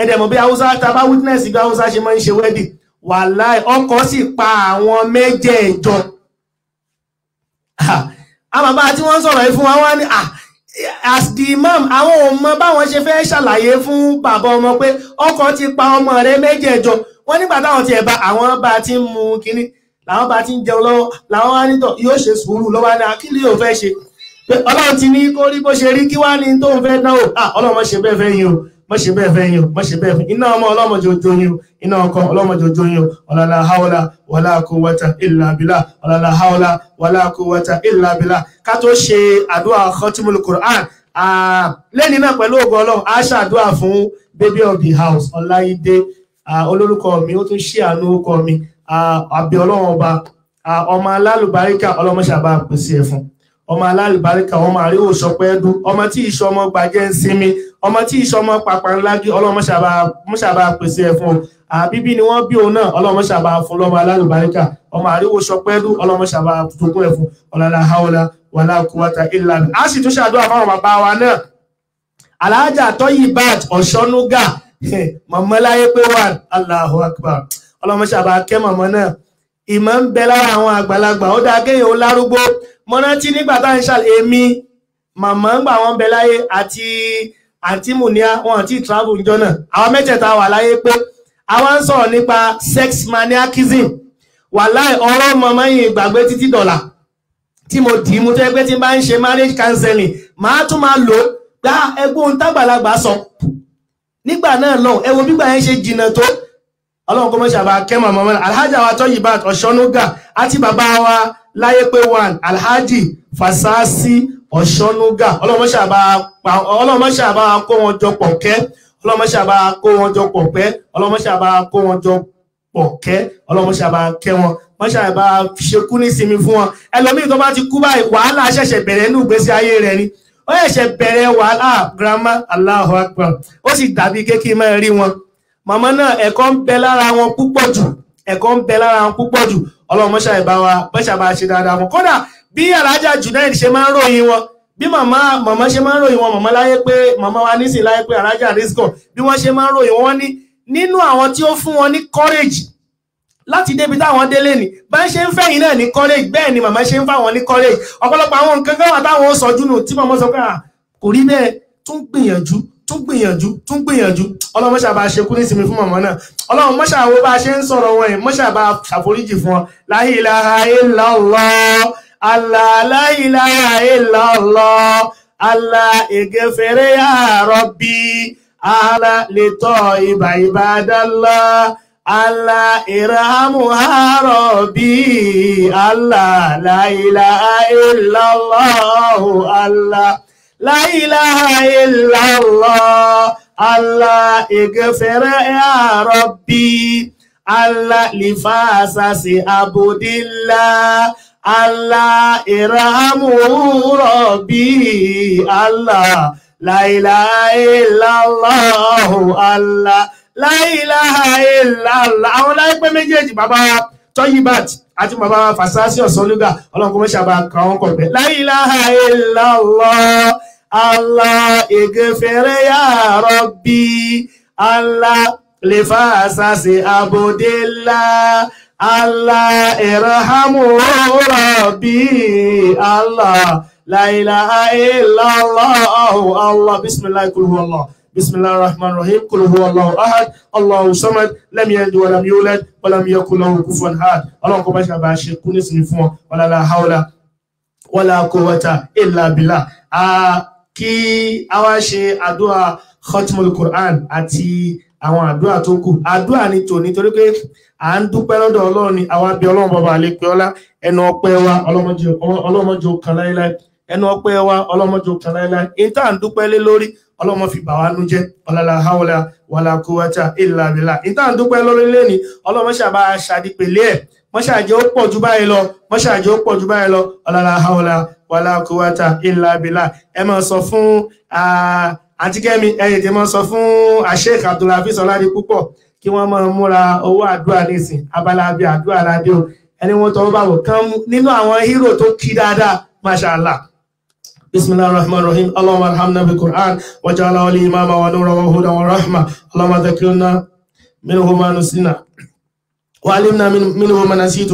ẹ̀dẹ̀mọ̀ bí haúsá tá a bá witness bí haúsá ṣe máa ń ṣe wedding wàláì ọkọ̀ sì pa àwọn mẹ́jẹ̀ẹ̀jọ ah, àwọn bàbá tí wọ́n sọ̀rọ̀ yìí fún wa wá ní ah, as the imam àwọn ọmọ báwọn ṣe fẹ́ ṣàlàyé fún bàbá ọmọ pé ọkọ̀ ti pa ọmọ rẹ̀ mẹ́jẹ̀ẹ̀jọ wọ́n nígbà táwọn ti ẹ̀bá àwọn bá ti ń mu kínní làwọn bá ti ń jẹun lọ́wọ́ làwọn wá nítọ̀ yóò ṣe sùúrù lọ́wọ́ ní akílì ah, yóò fẹ́ ṣe ọlọ́run ti ní kó rí bó ṣe rí kí wá ní tóun fẹ́ náà ọlọ́run ṣe bẹ́ẹ̀ fẹ́ yín o mọ́ṣe bẹ́ẹ̀ fẹ́ yín o mọ́ṣe bẹ́ẹ̀ fún iná ọmọ ọlọ́mọdé ojú iná ọkọ ọlọ́mọdé ojú yín o ọ̀làlà haola wàlá quwwata illa billah ọ̀làlà haola wàlá quwwata illa billah ká tó ṣe àdúrà khatimul Qur'an lẹ́ni náà pẹ̀lú ògùn ọlọ́run a ṣàdúrà fún baby of the house ọláyídé olórúkọ mi ó tún ṣí àánú orúkọ mi àbí ọlọ́run ọba ọmọ alálùbáríkà ọlọ́mọṣàbá pèsè ẹ̀ ọmọ alálùbáríkà ọmọ àrí ò sọpẹ́ ẹdún ọmọ tí ìṣọ ọmọ gbàjẹ́ ń sinmi ọmọ tí ìṣọ ọmọ pàpà ńlá gé ọlọ́mọṣàbà pèsè ẹ̀ fún àbíbí ni wọ́n bí òun náà ọlọ́mọṣàbà fún lọ́mọ alálùbáríkà ọmọ àrí ò sọpẹ́ ẹdún ọlọ́mọṣàbà tuntun ẹ̀ fún ọ̀làlà haola wàlá kúwàtà ìlànà a sì tún ṣàdúrà fáwọn bàbá wa náà aláàjà Toyibat ọ̀ṣọ́núgà mọ̀mọ́láyé pé wà Allahu akbar ọlọ́mọṣàbà kẹ́ mọ̀mọ́ náà ìmọ̀ ń bẹ lára àwọn àgbàlagbà ó dáa kéèyàn lárúgbó mo rántí nígbà tá ń ṣàlẹ̀ èmi màmá ń gbà wọ́n bẹ láyé àti àǹtí mùníà wọn àti travel ń jọ́nà àwọn mẹ́tẹ̀ẹ̀ta wà láyé pé àwọn ń sọ̀rọ̀ nípa sex maniachism wàláì ọ̀rọ̀ mọ̀mọ́ yìí ìgbàgbé títí dọ̀là tí mo dì í mú tó yẹ pé tí n bá ń ṣe marriage counseling màá tún máa lò ó gba ẹgbọ́n tágbàlagbà sọ nígbà náà lọ ẹ wo gbígbà yẹn ṣe jìnnà tó ọlọ́run kó mọ́ ṣàbà kẹ́ màmá mọ́ra alhaja wa àti bàbá wa láyépé one alhaji fasasi ọ̀ṣọ́núgà ọlọ́mọṣà bá kó wọn jọ pọ̀ kẹ́ ọlọ́mọṣà bá kó wọn jọ pọ̀ pẹ́ ọlọ́mọṣà bá kó wọn jọ pọ̀ kẹ́ ọlọ́mọṣà bá kẹ́ wọn mọ́ṣà bá ṣekú ní sinmi fún wọn ẹlòmíì tó bá ti kú báyìí wàhálà ṣẹ̀ṣẹ̀ bẹ̀rẹ̀ nínú ìgbésí ayé rẹ̀ ni ó ṣẹ̀ṣẹ̀ bẹ̀rẹ̀ wàhálà grandma allah Akbar ó sì dàbí kékeré máa rí wọn màmá náà ẹ̀kọ́ ń bẹ lára wọn púpọ̀ jù ẹ̀kọ́ ń bẹ lára wọn púpọ̀ jù ọlọ́run mọ́ṣá ìbá wa mọ́ṣá bá ṣe dáadáa fún kódà bí alájà Junaid ṣe máa ń ròyìn wọn bí màmá màmá ṣe máa ń ròyìn wọn màmá láyé pé màmá wa nísìn láyé pé alájà Rizqon bí wọ́n ṣe máa ń ròyìn wọn ní nínú àwọn tí ó fún wọn ní courage láti débi táwọn délé ni bá ṣe ń fẹ̀yìn náà ní courage bẹ́ẹ̀ ni màmá ṣe ń fáwọn ní courage ọ̀pọ̀lọpọ̀ àwọn nǹkan kan wà táwọn ó sọ júnù tí màmá sọ pé kò rí bẹ́ẹ̀ tún gbìyànjú tún gbìyànjú tún gbìyànjú ọlọ́run mọ́ṣà bá ṣe kú ní ìsinmi fún màmá náà ọlọ́run mọ́ṣà wo bá ṣe ń sọ̀rọ̀ wọn yìí mọ́ṣà bá ṣàforíjì fún ọ la ilaha illallah Allah la ilaha illallah Allah ìgẹ̀fẹ̀rẹ̀ ya Rabbi Allah lè tọ́ ìbà ibadallah Allah ìràmù Rabbi Allah la ilaha illallah Allah. La ilaha illallah, Allah igfir ya Rabbi, Allah lifasasi abudillah, Allah irhamu Rabbi, Allah la ilaha illallah, Allah la ilaha illallah. Àwọn láìpẹ́ méjèèjì bàbá Tọ́yíbàtì àti bàbá Fàṣásí Ọ̀sán Lúgà, ọlọ́run kò mọ́ ṣàbà kàwọn kọ̀ọ̀bẹ̀. La ilaha illallah. Allah ìgbẹ́fẹ̀rẹ́ yà rọ́bí Allah lè fa àṣàṣì àbòdélá Allah ìrọ̀hámù rọ́bí Allah láìláha illallah Allah bismillah kul huwallah. بسم الله الرحمن الرحيم قل هو الله احد الله الصمد لم يلد ولم يولد ولم يكن له كفوا احد ọlọ́run kò bá ṣe àbá ṣe kú nísìnyí fún ọ wàlá la haula wàlá quwwata illa billah ah, kí a wá ṣe àdúrà khutmul quran àti àwọn àdúrà tó kù àdúrà ni tòní torí pé à ń dúpẹ́ lọ́dọ̀ ọlọ́run ni àwa bí ọlọ́run bàbá àlepẹ ọlá ẹnu ọpẹ́ wa ọlọ́mọjọ kan láéláé ẹnu ọpẹ́ wa ọlọ́mọjọ kan láéláé ìta à ń dúpẹ́ lé lórí ọlọ́mọ fi bà wá nú jẹ́ ọlọ́lá haúlá wàlá kúwátà ìlà bìlà ìta à ń dúpẹ́ lórí lẹ́ni ọlọ́mọ ṣàbá ṣàdípẹ̀lẹ́ ẹ̀ mọ́ṣáàjẹ́ ó pọ̀ jù báyìí lọ mọ́ṣáàjẹ́ ó pọ̀ jù báyìí lọ ọlọ́lá haúlá wàlá kúwátà ìlà bìlà ẹ máa sọ fún àǹtí Kẹ́mi ẹ yèdè máa sọ fún Sheikh Abdulhafiz Ọládé púpọ̀ kí wọ́n máa múra owó àdúrà nísìn abala bíi àdúrà ládé o ẹni wọ́n tọwọ́ báwò kan nínú àwọn hírò tó kí dáadáa mashallah بسم الله الرحمن الرحيم اللهم ارحمنا بالقران وجعله لي اماما ونورا وهدى ورحمه اللهم ذكرنا منه ما نسينا وعلمنا من منه ما نسيت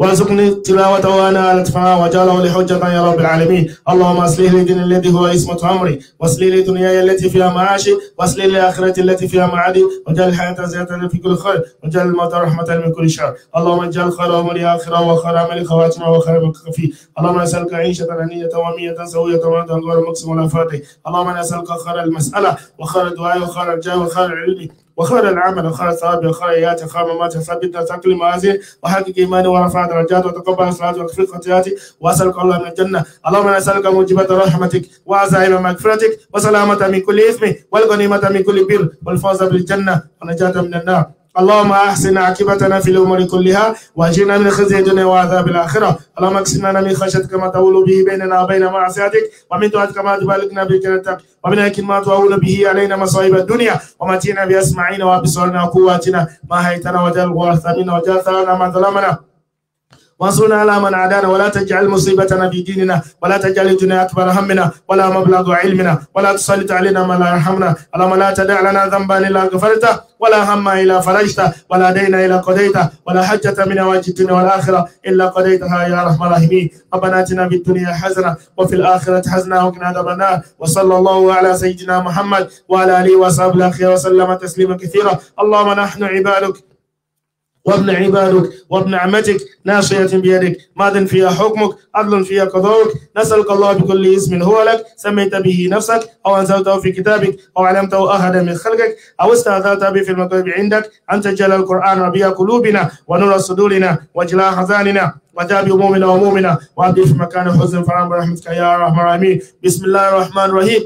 وارزقني تلاوته وانا على ادفعها وجعله لحجة يا رب العالمين اللهم اصلح لي دين الذي هو اسمة امري واصلح لي دنياي التي فيها معاشي واصلح لي اخرتي التي فيها معادي واجعل الحياة زيادة في كل خير واجعل الموت رحمة من كل شر اللهم اجعل خير امري اخره وخير عملي خواتمه وخير مكفي اللهم اسالك عيشة هنية ومية سوية ومرضا غير مقسم ولا فاضي اللهم اسالك خير المسألة وخير الدعاء وخير الجاه وخير العلم وخير العمل وخير الثواب وخير ايات خير ما تثبت تقل موازين وحقق ايماني ورفع درجات وتقبل صلاتي وكفر خطياتي واسالك الله من الجنه اللهم انا اسالك موجبات رحمتك وعزائم مغفرتك وسلامه من كل اثم والغنيمه من كل بر والفوز بالجنه ونجاه من النار اللهم احسن عاقبتنا في الامور كلها واجنا من خزي الدنيا وعذاب الاخره اللهم اكسنا من خشيتك ما تقول به بيننا وبين معصيتك ومن طاعتك ما تبلغنا بجنتك ومن اكل ما تهون به علينا مصائب الدنيا ومتينا باسماعنا وابصارنا وقواتنا ما هيتنا وجل ورثنا وجل ثارنا من ظلمنا وانصرنا على من عادانا ولا تجعل مصيبتنا في ديننا ولا تجعل الدنيا أكبر همنا ولا مبلغ علمنا ولا تسلط علينا من لا يرحمنا اللهم لا تدع لنا ذنبا إلا غفرته ولا هما إلا فرجته ولا دينا إلا قضيته ولا حجة من واجب الدنيا والآخرة إلا قضيتها يا رحم الراحمين ربنا آتنا في الدنيا حسنة وفي الآخرة حسنة وقنا عذاب النار وصلى الله على سيدنا محمد وعلى آله وصحبه وسلم تسليما كثيرا اللهم نحن عبادك وابن عبادك وابن عمتك ناشية بيدك ماض فيها حكمك عدل فيها قضاءك نسألك الله بكل اسم هو لك سميت به نفسك أو أنزلته في كتابك أو علمته أحدا من خلقك أو استأذنت به في المكتب عندك أن تجعل القرآن ربيع قلوبنا ونور صدورنا وجلاء حزاننا وجاب بأمومنا وأمومنا وأبدي في مكان حزن فرحم برحمتك يا أرحم الراحمين بسم الله الرحمن الرحيم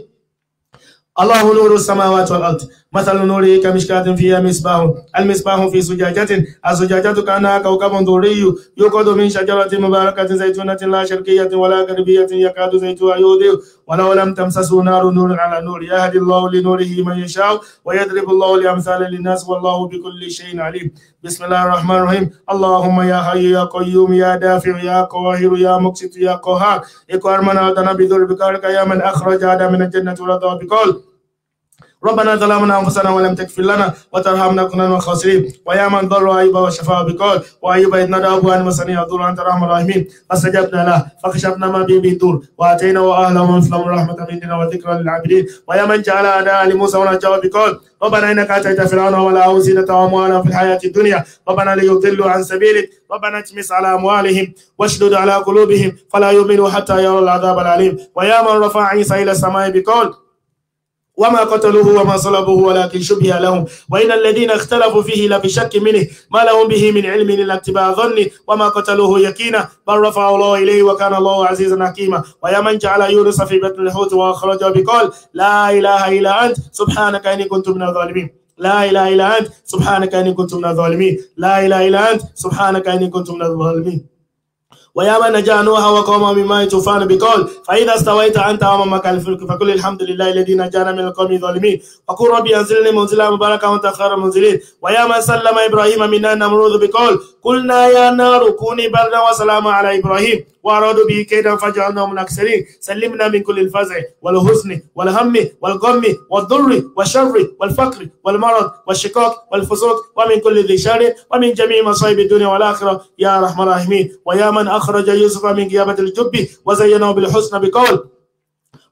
الله نور السماوات والأرض مثل نوره كمشكاة فيها مصباح المصباح في زجاجة الزجاجة كأنها كوكب دوري يقود من شجرة مباركة زيتونة لا شرقية ولا غربية يكاد زيتها يودي ولو لم تمسسوا نار نور على نور يهدي الله لنوره من يشاء ويضرب الله الأمثال للناس والله بكل شيء عليم بسم الله الرحمن الرحيم اللهم يا حي يا قيوم يا دافع يا قاهر يا مقسط يا قهار اكرمنا ودنا بذل بكارك يا من أخرج آدم من الجنة ورضا بقول ربنا ظلمنا انفسنا ولم تغفر لنا وترحمنا كنا من الخاسرين ويا من ضل ايوب وشفاه بقول وايوب اذ نادى ابو ان مسني الضر انت رحم الراحمين فاستجبنا له فكشفنا ما به من دور واهله من ومثلهم رحمه مننا وذكرى للعابدين ويا من جعل اداء لموسى ونجاه بقول ربنا انك اتيت فرعون ولا زينة واموالا في الحياه الدنيا ربنا ليضلوا عن سبيلك ربنا اتمس على اموالهم واشدد على قلوبهم فلا يؤمنوا حتى يروا العذاب الاليم ويا من رفع عيسى الى السماء بقول وما قتلوه وما صلبوه ولكن شبه لهم وإن الذين اختلفوا فيه لبشك منه ما لهم به من علم إلا اتباع ظن وما قتلوه يقينا بل رفع الله إليه وكان الله عزيزا حكيما ويا من جعل يونس في بطن الحوت وأخرجه بقول لا إله إلا أنت سبحانك إني كنت من الظالمين لا إله إلا أنت سبحانك إني كنت من الظالمين لا إله إلا أنت سبحانك إني كنت من الظالمين ويا من نجا نوح وقومه من ماء طوفان بقول فاذا استويت انت ومعك الفلك فقل الحمد لله الذي نجانا من القوم الظالمين وقل ربي انزلني منزلا مباركا وانت خير المنزلين ويا من سلم ابراهيم منا النمرود بقول قلنا يا نار كوني بردا وسلاما على ابراهيم وأرادوا به كيدا فجعلناهم الأكثرين سلمنا من كل الفزع والحزن والهم والغم والضر والشر والفقر والمرض والشقاق والفسوق ومن كل ذي شر ومن جميع مصائب الدنيا والآخرة يا ارحم الراحمين ويا من أخرج يوسف من غيابة الجب وزينه بالحسن بقول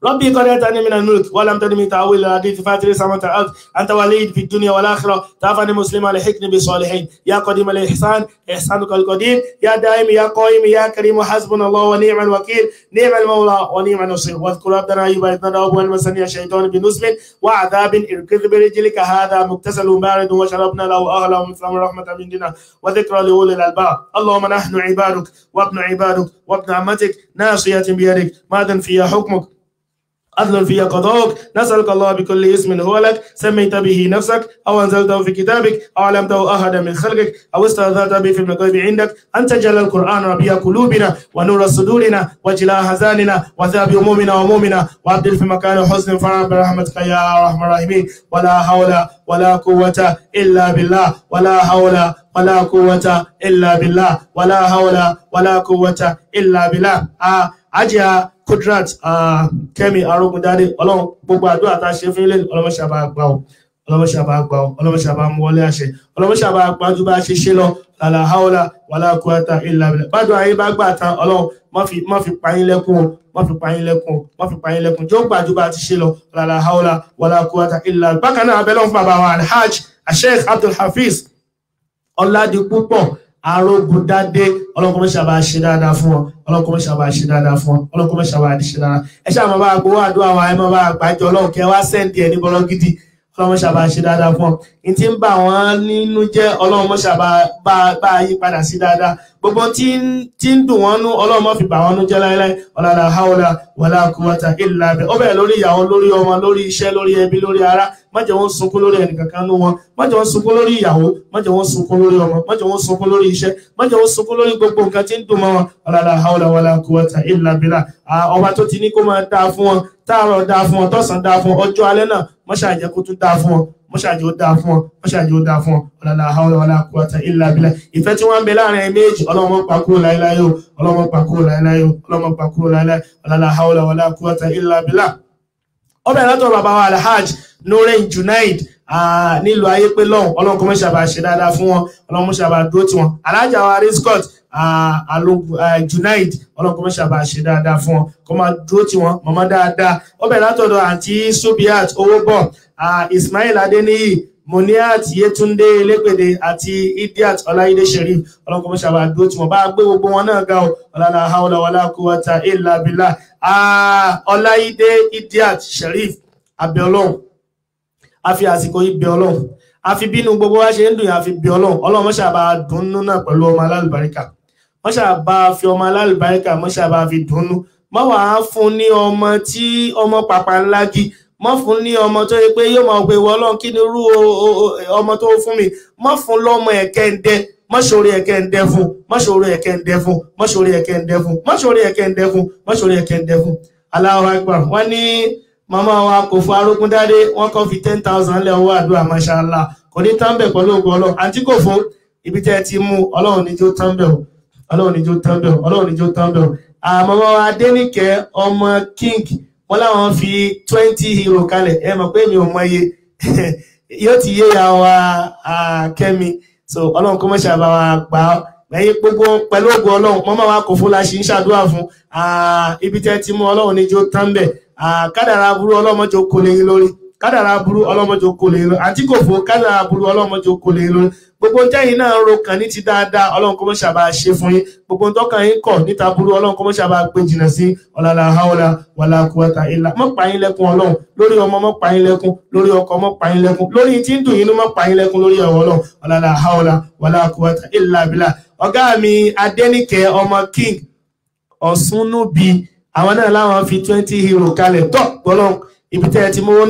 ربي قد أتاني من الملك ولم تدمي تأويل الحديث فاتري سماوات الأرض أنت وليد في الدنيا والآخرة تعفني مسلما لحقني بصالحين يا قديم الإحسان إحسانك القديم يا دائم يا قائم يا كريم حسبنا الله ونعم الوكيل نعم المولى ونعم النصير واذكر ربنا أيوب إذ نادى ربه المسني الشيطان بنصب وعذاب اركض برجلك هذا مغتسل بارد وشربنا له أهلا ومثلهم رحمة مننا وذكرى لأولي الألباب اللهم نحن عبادك وابن عبادك وابن عمتك ناصية بيدك ماذا في حكمك عدل في قضاءك نسألك الله بكل اسم هو لك سميت به نفسك أو أنزلته في كتابك أو علمته أحدا من خلقك أو استأذنت به في الغيب عندك أن تجعل القرآن ربيع قلوبنا ونور صدورنا وجلاء أحزاننا وذهب همومنا وهمومنا وأبدل في مكان حسن فرحا برحمتك يا أرحم الراحمين ولا حول ولا قوة إلا بالله ولا حول ولا قوة إلا بالله ولا حول ولا قوة إلا بالله آه Hajiya Kudrat uh, Kẹ́mi Arógundádé ọlọ́run gbogbo àdúrà tá a ṣe fún ilé ọlọ́mọṣàbá àgbà ọ ọlọ́mọṣàbá àgbà ọ ọlọ́mọṣàbá mú wọlé àṣẹ ọlọ́mọṣàbá àgbà ju bá a ṣe ṣe lọ làlà haúlà wàlà kúrẹ́tà ìlà ìlà bàdùn ayé bá gbà tán ọlọ́run má fi payín lẹ́kùn o má fi payín lẹ́kùn o má fi payín lẹ́kùn jó gbà ju bá a ti ṣe lọ làlà haúlà wàlà kúrẹ́tà ìlà bákan náà abẹ́lẹ́ arógun dádé ọlọ́kùnrin ṣàbà ṣe dáadáa fún ọ ọlọ́kùnrin ṣàbà ṣe dáadáa fún ọ ọlọ́kùnrin ṣàbà ṣe dáadáa ẹ ṣáà máa bá gbowó àdúrà wa ẹ máa bá àgbájọ ọlọ́run kẹ wá sẹ́ǹdì ẹ ní bọ́lọ́ gidi ọlọ́run ṣàbà ṣe dáadáa fún ọ ní tí ń bà wọ́n nínú jẹ́ ọlọ́run ṣàbà bá yí padà sí dáadáa gbogbo tí ń dùn wọn nú ọlọ́run má fi bà wọn nú jẹ́ láéláé ọ̀làlà haula wàlá kúwàtà ìlà bẹ̀ ó bẹ̀rẹ̀ lórí ìyàwó lórí ọmọ lórí iṣẹ́ lórí ẹbí lórí ará má jẹ́ wọ́n sunkún lórí ẹnìkankan nú wọn má jẹ́ wọ́n sunkún lórí ìyàwó má jẹ́ wọ́n sunkún lórí ọmọ má jẹ́ wọ́n sunkún lórí iṣẹ́ má jẹ́ wọ́n sunkún lórí gbogbo nǹkan tí ń dùn mọ́ wọn ọ̀làlà haula wàlá kúwàtà ìlà bẹ̀ ọba tó ti ní kó máa dáa fún wọn táàrọ̀ dáa fún wọn tọ̀sán dáa fún wọn ọjọ́ alẹ́ náà mọ́ṣáàjẹ́ kó tún dáa fún wọn mọ́ṣáájú ó dáa fún ọ mọ́ṣáájú ó dáa fún ọ ọ̀làlà àwọn ọ̀là àkúwàtà ìlà abilà ìfẹ́ tí wọ́n ń bẹ láàrin méjì ọlọ́mọ pàkúrò láéláyò ọlọ́mọ pàkúrò láéláyò ọlọ́mọ pàkúrò láéláyò ọ̀làlà àwọn ọ̀là àkúwàtà ìlà abilà. ọbẹ̀ látọ̀ bàbá wa alhaj Nuren Junaid nílùú ayépé lọ́hùn ọlọ́mọ kọ́mọ́ṣàbà ṣe dáadáa fún wọn ọlọ́mọ Junaid ọlọ́kọ́ mọ́ṣà bá ṣe dáadáa fún ọ kọ́ máa dúró tí wọ́n mọ̀mọ́ dáadáa ó bẹ̀rẹ̀ látọ̀dọ̀ àǹtí Subiat owó bọ̀ Ismail Adeniyi Moniat Yetunde Elépèdè àti Idiat Ọláyídé Sherif ọlọ́kọ́ mọ́ṣà bá dúró tí wọ́n bá gbé gbogbo wọn náà ga ọ ọ̀làlà haúlà wàlá quwwata illa billah Ọláyídé Idiat Sherif abẹ́ ọlọ́run a fi àsìkò yìí bẹ ọlọ́run a fi bínú gbogbo wa ṣe ń dùn yà a fi bẹ ọlọ́run ọlọ́run mọ́ṣà bá dùn nínú náà pẹ̀lú ọmọ alálùbáríkà mọ́ṣàbá fi ọmọ alálùbáríkà mọ́ṣàbá fi dùnnú mọ́ wàá fún ní ọmọ tí ọmọ pàpà ńlá kí mọ́ fún ní ọmọ tó yẹ pé yóò máa pe ìwọ ọlọ́run kí ni irú ọmọ tó fún mi mọ́ fún lọ́mọ ẹ̀kẹ́ ń dẹ́ mọ́ṣọ́rí ẹ̀kẹ́ ń dẹ́ fún mọ́ṣọ́rí ẹ̀kẹ́ ń dẹ́ fún mọ́ṣọ́rí ẹ̀kẹ́ ń dẹ́ fún mọ́ṣọ́rí ẹ̀kẹ́ ń dẹ́ fún mọ́ṣọ́rí ẹ̀kẹ́ ń dẹ́ fún. Allahu Akbar wọ́n ní màmá wa kò fún arógúndádé wọ́n kọ́ fi ten thousand lẹ́ owó àdúrà masha Allah kò ní tán bẹ̀ pẹ̀lú ògùn ọlọ́run àǹtí kò fún ibi tẹ́ ti mú ọlọ́run níjó tán bẹ̀ o ọlọ́run níjó tán bẹ̀ ọlọ́run níjó tán bẹ̀ àmọ́ adẹ́nìkẹ́ ọmọ king wọn láwọn fi twenty euro kalẹ̀ ẹ mọ̀ pé mi ò mọ iye yóò ti yé ya wa kẹ́mi so ọlọ́run kó mọ̀ ṣàbà wa gbà ọ́ lẹ́yìn gbogbo pẹ̀lú ògùn ọlọ́run mọ́mọ́ wa kò fún la ṣe ń ṣàdúrà fún ibi tẹ́ ti mú ọlọ́run níjó tán bẹ̀ kádàrá burú ọlọ́mọjọ kò lè lórí kádàrá burú ọlọ́mọjọ kò lè lórí àti kò burú ọlọ́mọjọ kò lè lórí gbogbo tẹ́yìn náà ń ro kàn ní ti dáadáa ọlọ́run kó mọ́ ṣàbá ṣe fún yín gbogbo tọ́kàn yín kọ̀ níta burú ọlọ́run kó mọ́ ṣàbá gbé jìnnà sí ọ̀làlà haúlà wàlà kùwàtà ìlà mọ́ pààyín lẹ́kùn ọlọ́run lórí ọmọ mọ́ pààyín lẹ́kùn lórí ọkọ mọ́ pààyín lẹ́kùn lórí tí ń dùn yín mọ́ pààyín lẹ́kùn lórí ọ̀wọ́ ọlọ́run ọ̀làlà haúlà wàlà kùwàtà ìlà bìlà ọ̀gá mi adẹ́nìkẹ́ ọmọ king ọ̀sùnnúbi àwọn náà láwọn twenty euro kalẹ̀ tọ́ gbọ́lọ́n ibi tẹ́ ẹ ti mówó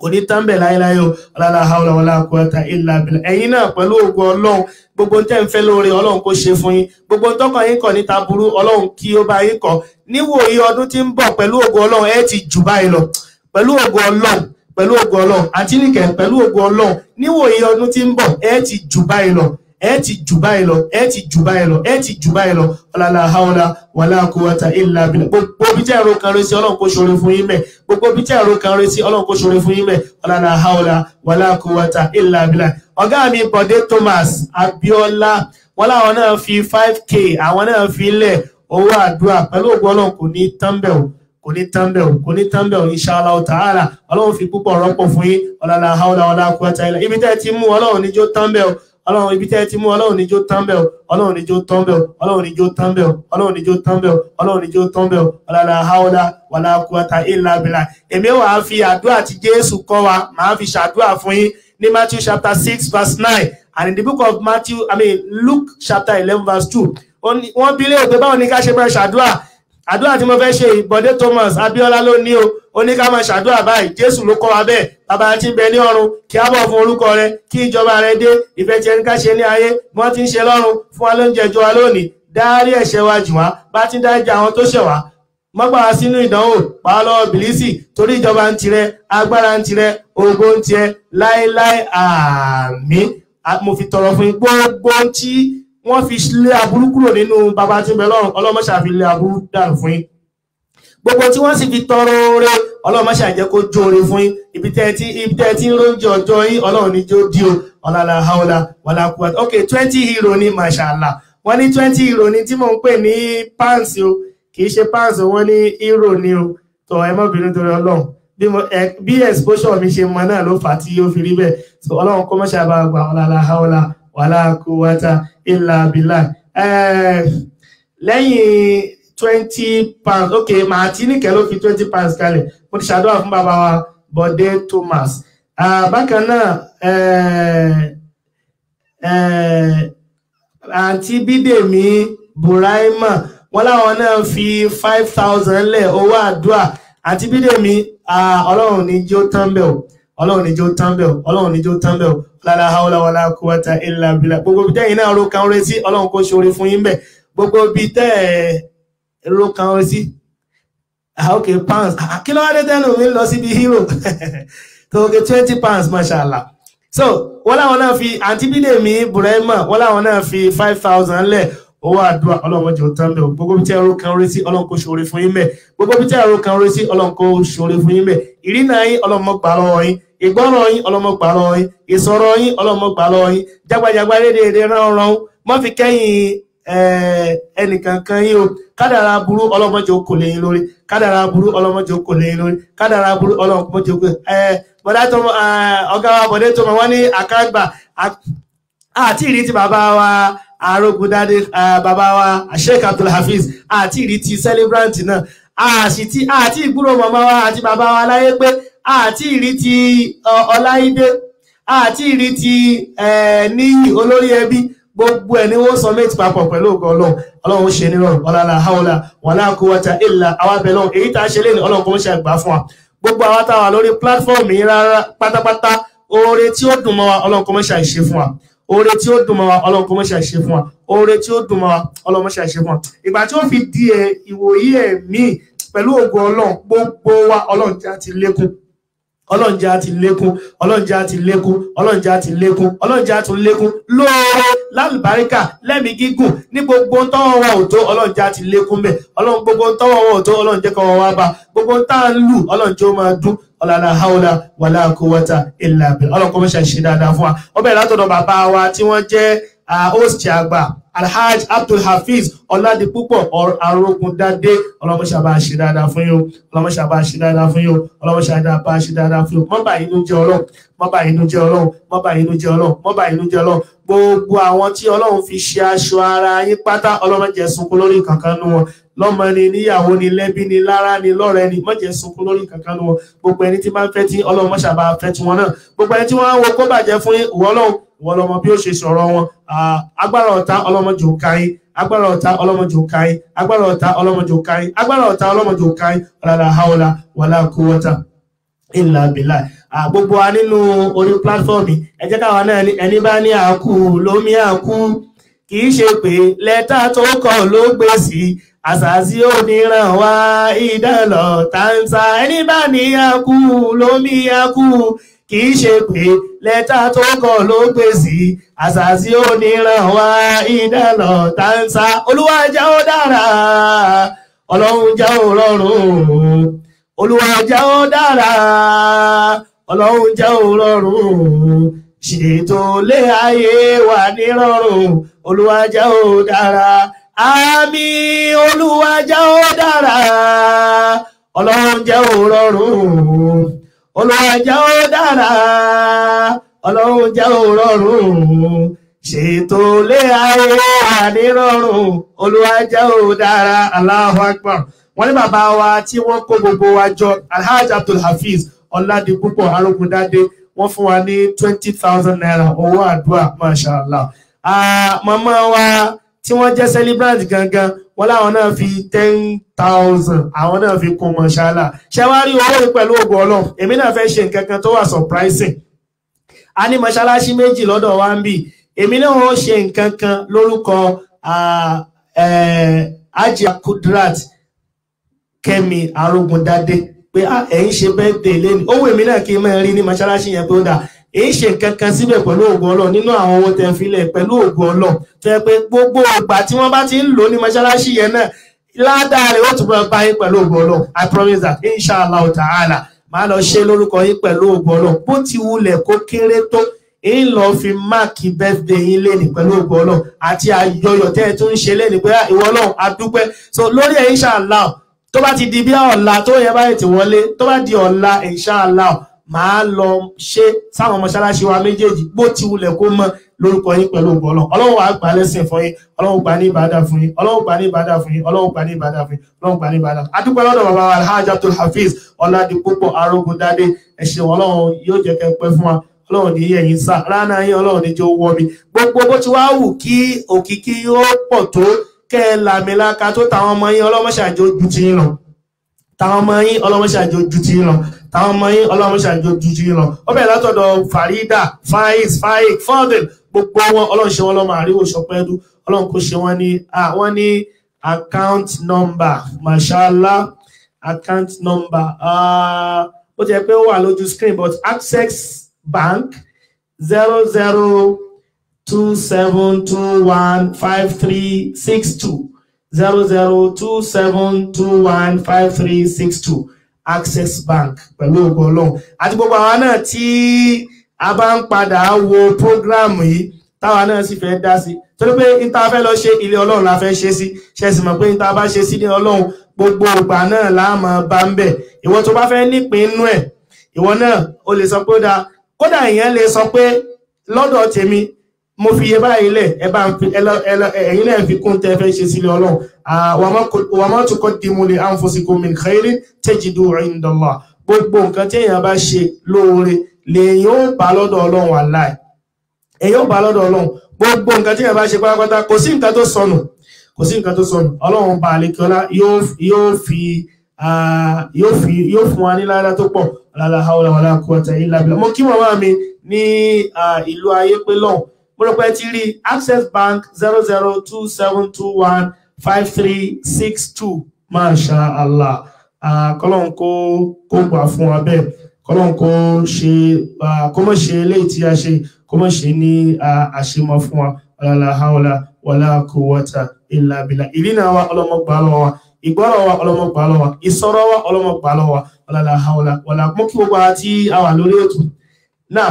kò ní tán bẹ̀ láyéláyé o ọlọ́lá haúlá wọlá kọ́ta ilà bìlẹ̀ ẹ̀yin náà pẹ̀lú ògùn ọlọ́run gbogbo tẹ́ ń fẹ́ lóore ọlọ́run kó ṣe fún yín gbogbo tọkàn yín kọ̀ níta burú ọlọ́run kí ó bá yín kọ̀ níwòyí ọdún tí ń bọ̀ pẹ̀lú ògùn ọlọ́run ẹ ti jù báyìí lọ pẹ̀lú ògùn ọlọ́run pẹ̀lú ògùn ọlọ́run àti níkẹ́ pẹ̀lú ògùn ọlọ́run níwòyí ọdún tí ń bọ̀ ẹ ti jù báyìí lọ ẹ ti jù báyìí lọ ẹ ti akụwata báyìí lọ ẹ ti jù báyìí lọ ọlọlá haúlá wàlá kúwàtà ìlà bílẹ̀ gbogbo bí tẹ kan rẹ sí fún yín mi Thomas abiola wọn làwọn náà fi five k àwọn náà fi lẹ̀ owó àdúrà pẹ̀lú ògùn Ọlọ́run kò ní tán o kò ní kò ní fi púpọ̀ rọ́pò fún yín ibi ti mú níjó ọlọ́run ibi tẹ́ ti mú ọlọ́run níjó tánbẹ̀ ọlọ́run níjó tánbẹ̀ ọlọ́run níjó tánbẹ̀ ọlọ́run níjó tánbẹ̀ ọlọ́run níjó tánbẹ̀ ọlọ́run àháọ́dá wàlá kúọ́ta ìlà bìlà èmi wàá fi àdúrà tí jésù kọ́ wa màá fi ṣàdúrà fún yín ní matthew chapter six verse nine and in the book of matthew i mean luke chapter eleven verse two wọ́n bí léèrè pé báwo ni ká ṣe máa ṣàdúrà àdúrà tí mo fẹ́ ṣe ìbọ̀dé Thomas Abiola ló ní o oníká máa ṣàdúrà báyìí Jésù ló kọ́ wa bẹ́ẹ̀ bàbá tí ń bẹ ní ọ̀run kí á bọ̀ fún orúkọ rẹ kí ìjọba rẹ dé ìfẹ́ tí ẹni ká ṣe ní ayé bí wọ́n ti ń ṣe lọ́run fún wa lóúnjẹ jọ wa lónìí dárí ẹ̀ṣẹ̀ wa jì wá bá ti ń dáríjà àwọn tó ṣẹ̀ wá mọ́gbà wá sínú ìdánwò pàálọ̀ bìlísì torí ìjọba ń tirẹ̀ agbára ń tirẹ̀ ògo ń tirẹ̀ láéláé àmín mo fi tọrọ fún gbogbo tí wọ́n fi lé aburú kúrò nínú bàbá tí ń bẹ lọ́run ọlọ́mọṣà fi lé aburú dànù fún yín gbogbo tí wọ́n sì fi tọrọ oore ọlọ́mọṣà jẹ́ kó jó oore fún yín ibi tẹ́ tí ibi tẹ́ tí ń róúnjẹ ọjọ́ yín ọlọ́run ní jó di o ọ̀làlà haúlà wàlà kúwàtà ok twenty euro ní màṣàlà wọ́n ní twenty euro ní tí mò ń pè ní pounds o kì í ṣe pounds wọ́n ní euro ni o tọ ẹ torí ọlọ́run bí exposure mi ṣe mọ náà ló fà á tí yóò fi rí bẹ́ẹ̀ so ọlọ́run kó mọ́ṣà bá gbà ọ̀làlà haúlà wàhálà kó wáta ìlà bìlà eh, lẹ́yìn twenty pounds ok màtíníkẹ́ ló fi twenty pounds kalẹ̀ mo ti ṣàdúrà fún bàbá wa Bọ̀dé Thomas bákan náà eh, eh, àǹtí Bídèmí Buraima wọn láwọn náà fi five thousand lẹ̀ owó àdúrà àǹtí Bídèmí Ọlọ́run ní jí ó tán bẹ́ẹ̀ o ọlọ́run níjó tán bẹ́ẹ̀ ọlọ́run níjó tán bẹ́ẹ̀ lára haúlá wàlá kúwàtà ìlà bìlà gbogbo bí tẹ́yìn náà rokan oore sí ọlọ́run kó ṣoore fún yín bẹ́ẹ̀ gbogbo bí tẹ́ ẹ̀ rokan oore sí ok pounds kí ló wá dé lọ síbi hero tó twenty pounds mashallah so wọ́n láwọn náà fi àǹtí mi, burema wọ́n láwọn náà fi five thousand lẹ̀ owó àdúrà ọlọ́run jẹ́ òtán bẹ̀ gbogbo bí tí ẹ̀rọ kan orí sí ọlọ́run kó ṣoore fún yín bẹ̀ gbogbo bí tí ẹ̀rọ kan orí sí ọlọ́run kó ṣoore fún yín bẹ̀ ìrìnà yín ọlọ́run mọ́ gbà lọ́wọ́ yín ìgbọ́ràn yín ọlọ́mọpàrọ̀ yín ìsọ̀rọ̀ yín ọlọ́mọpàrọ̀ yín jágbajàgba rédèrè ránran mọ́ fi kẹ́yìn eh, ẹnìkankan yín o kádàrà burú ọlọ́mọjọ kò lè yín lórí kádàrà burú ọlọ́mọjọ kò lè yín lórí kádàrà burú ọlọ́mọjọ kò ẹ bọ̀dá tó eh, ọ̀gá wa bọ̀dé tó mọ̀ wọ́n ní àkàgbà àti ìrí ti bàbá wa arógundádé eh, bàbá wa Sheikh Abdul Hafiz àti ìrí ti celebrant náà àti ìgbúrò màmá wa àti bàbá wa láyé pé àti ìrí ti ọláìdé àti ìrí ti níyì olórí ẹbí gbogbo ẹ̀ ni wọ́n sọ méjì papọ̀ pẹ̀lú ọkọ̀ ọlọ́run ọlọ́run ṣe nírọ̀rùn ọlọ́la haula wala quwwata illa awábẹ̀ náà èyí tá a ṣe lẹ́nu ọlọ́run kò ń ṣe àgbà fún wa gbogbo àwa táwa lórí pílátífọ́ọ̀mù yìí rárá pátápátá oore tí ó dùn mọ́ wa ọlọ́run kò ń ṣe àìṣe fún wa oore tí ó dùn mọ́ wa ọlọ́run kò ń ṣe àìṣe fún wa oore tí ó dùn mọ́ wa ọlọ́run ṣe àìṣe fún wa ìgbà tí ó fi di ìwòyí ẹ̀mí pẹ̀lú ògo ọlọ́run gbogbo wa ọlọ́run ti lékún ọlọ́njẹ́ àti lékún ọlọ́njẹ́ àti lékún ọlọ́njẹ́ àti lékún ọlọ́njẹ́ àti lékún lóore lálùbáríkà lẹ́mìí gígùn ní gbogbo tọ́wọ́ wọn ò tó ọlọ́njẹ́ àti lékún bẹ́ẹ̀ ọlọ́run gbogbo tọ́wọ́ wọn ò tó ọlọ́njẹ́ kọ́ wọn wá bá gbogbo tá a lù ọlọ́njẹ́ ó máa dún ọ̀làlà haúlà wàlà kówátà ìlàbẹ̀ ọlọ́kọ́ mẹ́sàn dáadáa fún wa ọbẹ̀ látọ̀dọ̀ bàbá wa tí wọ́n jẹ́ host ah, àgbà alhaj abdul hafiz ọládìpúpọ̀ arógundádé ọlọmọṣàbá ṣe dáadáa fún yín ọlọmọṣàbá ṣe dáadáa fún yín ọlọmọṣàbá ṣe dáadáa fún yín mọba inú jẹ Ọlọ́run mọba inú jẹ Ọlọ́run mọba inú jẹ Ọlọ́run mọba inú jẹ Ọlọ́run gbogbo àwọn tí Ọlọ́run fi ṣe aṣọ ara yín pátá ọlọmọjẹ sunkún lórí kankan nu wọn lọ́mọ ni níyàwó ni lẹ́bí ni lára ni lọ́rẹ́ ni mọ̀jẹ̀ sunkún lórí kankan nu wọn gbogbo ẹni tí máa ń fẹ́ tí Ọlọ́run mọ̀ṣàbá fẹ́ tí wọn náà gbogbo ẹni tí wọ́n á wo kó bàjẹ́ fún ìwọ́lọ́run wọ́n lọ́mọ bí ó ṣe sọ̀rọ̀ wọn agbára ọ̀tá ọlọ́mọdé ò káyín agbára ọ̀tá ọlọ́mọdé ò káyín agbára ọ̀tá ọlọ́mọdé ò káyín agbára ọ̀tá ọlọ́mọdé káyín ọ̀làlà haola wàlà kúwọ́tà ìlà bìlà gbogbo wa nínú orí pílátífọ́ọ̀mù ẹ jẹ́ káwa náà ẹni bá ní àkú lómi àkú kì í ṣe pé lẹ́tà tó kọ̀ ló gbé sí àṣàṣì òmíràn wá ìdánlọ̀ tàǹtà ẹni bá ní àkú lómi àkú kì í ṣe pé lẹ́tà tó kọ ló gbé sí àṣàṣì oníran wa ìdálọ̀ táǹsà olúwa jẹ́ ó dára ọlọ́run jẹ́ ó rọrùn olúwa jẹ́ ó dára ọlọ́run jẹ́ ó rọrùn ṣètò lé ayé wa nírọ̀rùn olúwa jẹ́ ó dára àmì olúwa jẹ́ ó dára ọlọ́run jẹ́ ó rọrùn olúwa jẹ́ ó dára ọlọ́run jẹ́ ó rọrùn ṣètò lé ayé ànírọ̀rùn olúwa jẹ́ ó dára Allahu Akbar wọ́n ní bàbá wa tí wọ́n kó gbogbo wa jọ Alhaji Abdul Hafiz ọ̀làdìpúpọ̀ arógundádé wọ́n fún wa ní twenty thousand naira owó àdúrà masha Allah ah, màmá wa tí wọ́n jẹ́ celebrant gangan wọ́n láwọn náà fi ten thousand àwọn náà fi kún mọ̀ṣálà ṣé wàá rí owó yìí ògùn ọlọ́run èmi náà fẹ́ ṣe nǹkan kan tó wà surprising a ní mọ̀ṣáláṣí méjì lọ́dọ̀ wa ń bì èmi náà ó ṣe nǹkan kan lórúkọ ajia kudrat kẹ́mi arógundádé pé ah, ẹ̀yin ṣe bẹ́ẹ̀ dé lẹ́nu owó èmi náà kì í máa rí ní mọ̀ṣáláṣí yẹn pé dáa èyí ṣe nǹkan kan síbẹ̀ pẹ̀lú ògùn ọlọ́ nínú àwọn owó tẹ́ filẹ̀ pẹ̀lú ògùn ọlọ́ tẹ́ pé gbogbo ìgbà tí wọ́n bá ti ń lò ní mọ́ṣáláṣí yẹn náà ládàá rẹ̀ ó tún máa bá yín pẹ̀lú ògùn ọlọ́ i promise that inshallah ta'ala máa lọ ṣe lórúkọ yín pẹ̀lú ògùn ọlọ́ bó ti wulẹ̀ kó kéré tó ń lọ fi máàkì birthday yín lẹ́nì pẹ̀lú ògùn ọlọ́ àti àjọyọ̀ tẹ́ ẹ tún ń ṣe lẹ́nì pé ah, ìwọ ọlọ́run adúpẹ́ so lórí ẹ̀ inshallah tó bá ti di bí ọ̀la tó yẹ báyìí ti wọlé tó bá di ọ̀la inshallah máa lọ ṣe sáwọn mọ́ṣáláṣí wa méjèèjì bó ti wulẹ̀ kó mọ lórúkọ yín pẹ̀lú bọ́lọ̀ ọlọ́run wàá gbà lẹ́sìn fún yín ọlọ́run gbà ni ìbádà fún yín ọlọ́run gbà ní ìbádà fún yín ọlọ́run gbà ní ìbádà fún yín ọlọ́run gbà ní ìbádà fún yín. adúpẹ́ lọ́dọ̀ bàbá wa alhaji abdul hafiz ọ̀làdìpọ̀pọ̀ arógundádé ẹ̀sìn ọlọ́run yóò jẹ́ kẹ́ pẹ́ fún wa ọlọ́run ní ẹ̀yìn sá rárá yín ọlọ́run ní jó wọ́ mi gbogbo bó ti wá wù kí òkìkí ó pọ̀ tó kẹ́ ẹ làmìlaka tó táwọn ọmọ yín ọlọ́mọṣàjò ju ti yín lọ táwọn ọmọ yín ọlọ́mọṣàjò ju ti yín lọ táwọn ọmọ yín ọlọ́run ṣàjọjú sí lọ ó bẹ̀rẹ̀ látọ̀dọ̀ Farida Faiz Faik Fadil gbogbo wọn ọlọ́run ṣe wọn lọ́mọ àríwò ṣọpẹ́dú ọlọ́run kò ṣe wọn ní wọ́n ní account number mashallah account number ó ti yẹ pé ó wà lójú screen but Access Bank zero zero two seven two one five three six two zero zero two seven two one five three six two access bank pẹ̀lú ògbọ́n ọlọ́run àti gbogbo àwa náà tí a bá ń padà wo program yìí táwa náà sì fẹ́ dá sí torí pé níta fẹ́ lọ ṣe ilé ọlọ́run la fẹ́ ṣe sí ṣẹ́sì mọ̀ pé níta bá ṣe sí ilé ọlọ́run gbogbo ìgbà náà la máa bá ń bẹ̀ ìwọ tó bá fẹ́ nípìn ẹ̀ ìwọ náà o lè sọ pé ó dáa kódà ìyẹn lè sọ pé lọ́dọ̀ tèmi mo fi iye báyìí lẹ̀ ẹ bá ń fi ẹ̀yin náà fi kún tẹ́ fẹ́ ṣe sílẹ̀ ọlọ́run wa ma tuqaddimu li anfusikum min khairin tajidu indallah gbogbo nǹkan tí èèyàn bá ṣe lóore lèèyàn ó bá lọ́dọ̀ ọlọ́run wallahi èèyàn ó bá lọ́dọ̀ ọlọ́run gbogbo nǹkan tí èèyàn bá ṣe pátápátá kò sí nǹkan tó sọnù kò sí nǹkan tó sọnù ọlọ́run bá àlekíọ́lá yóò fi yóò fún wa ní tó pọ̀ la hawla wala quwwata illa billah mo kí màmá mi ní ìlú ayé pé lọ́hùn mo rò pé ti rí access bank zero zero two seven two one five three six two masha allah kọ́lọ́n kó kó gbà fún wa bẹ́ẹ̀ kọ́lọ́n kó ṣe kó mọ̀ ṣe eléyìí tí a ṣe kó mọ̀ ṣe ní àṣemọ fún wa ọ̀làlà haúlà wàlà quwwata illa billah ìrìnà wa ọlọ́mọgbà lọ́wọ́ wa ìgbọ́rọ̀ wa ọlọ́mọgbà lọ́wọ́ wa ìsọ̀rọ̀ wa ọlọ́mọgbà lọ́wọ́ wa ọ̀làlà haúlà wàlà mú gbogbo àti àwà lórí ètò náà.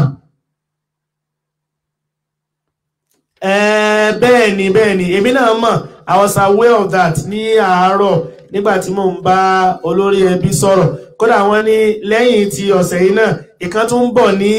Eh, bẹ́ẹ̀ ni bẹ́ẹ̀ ni èmi náà mọ̀ I was aware of that ní àárọ̀ nígbà tí mò ń bá olórí ẹbí sọ̀rọ̀ kódà wọ́n ní lẹ́yìn ti ọ̀sẹ̀ yìí náà ìkan tó ń bọ̀ ní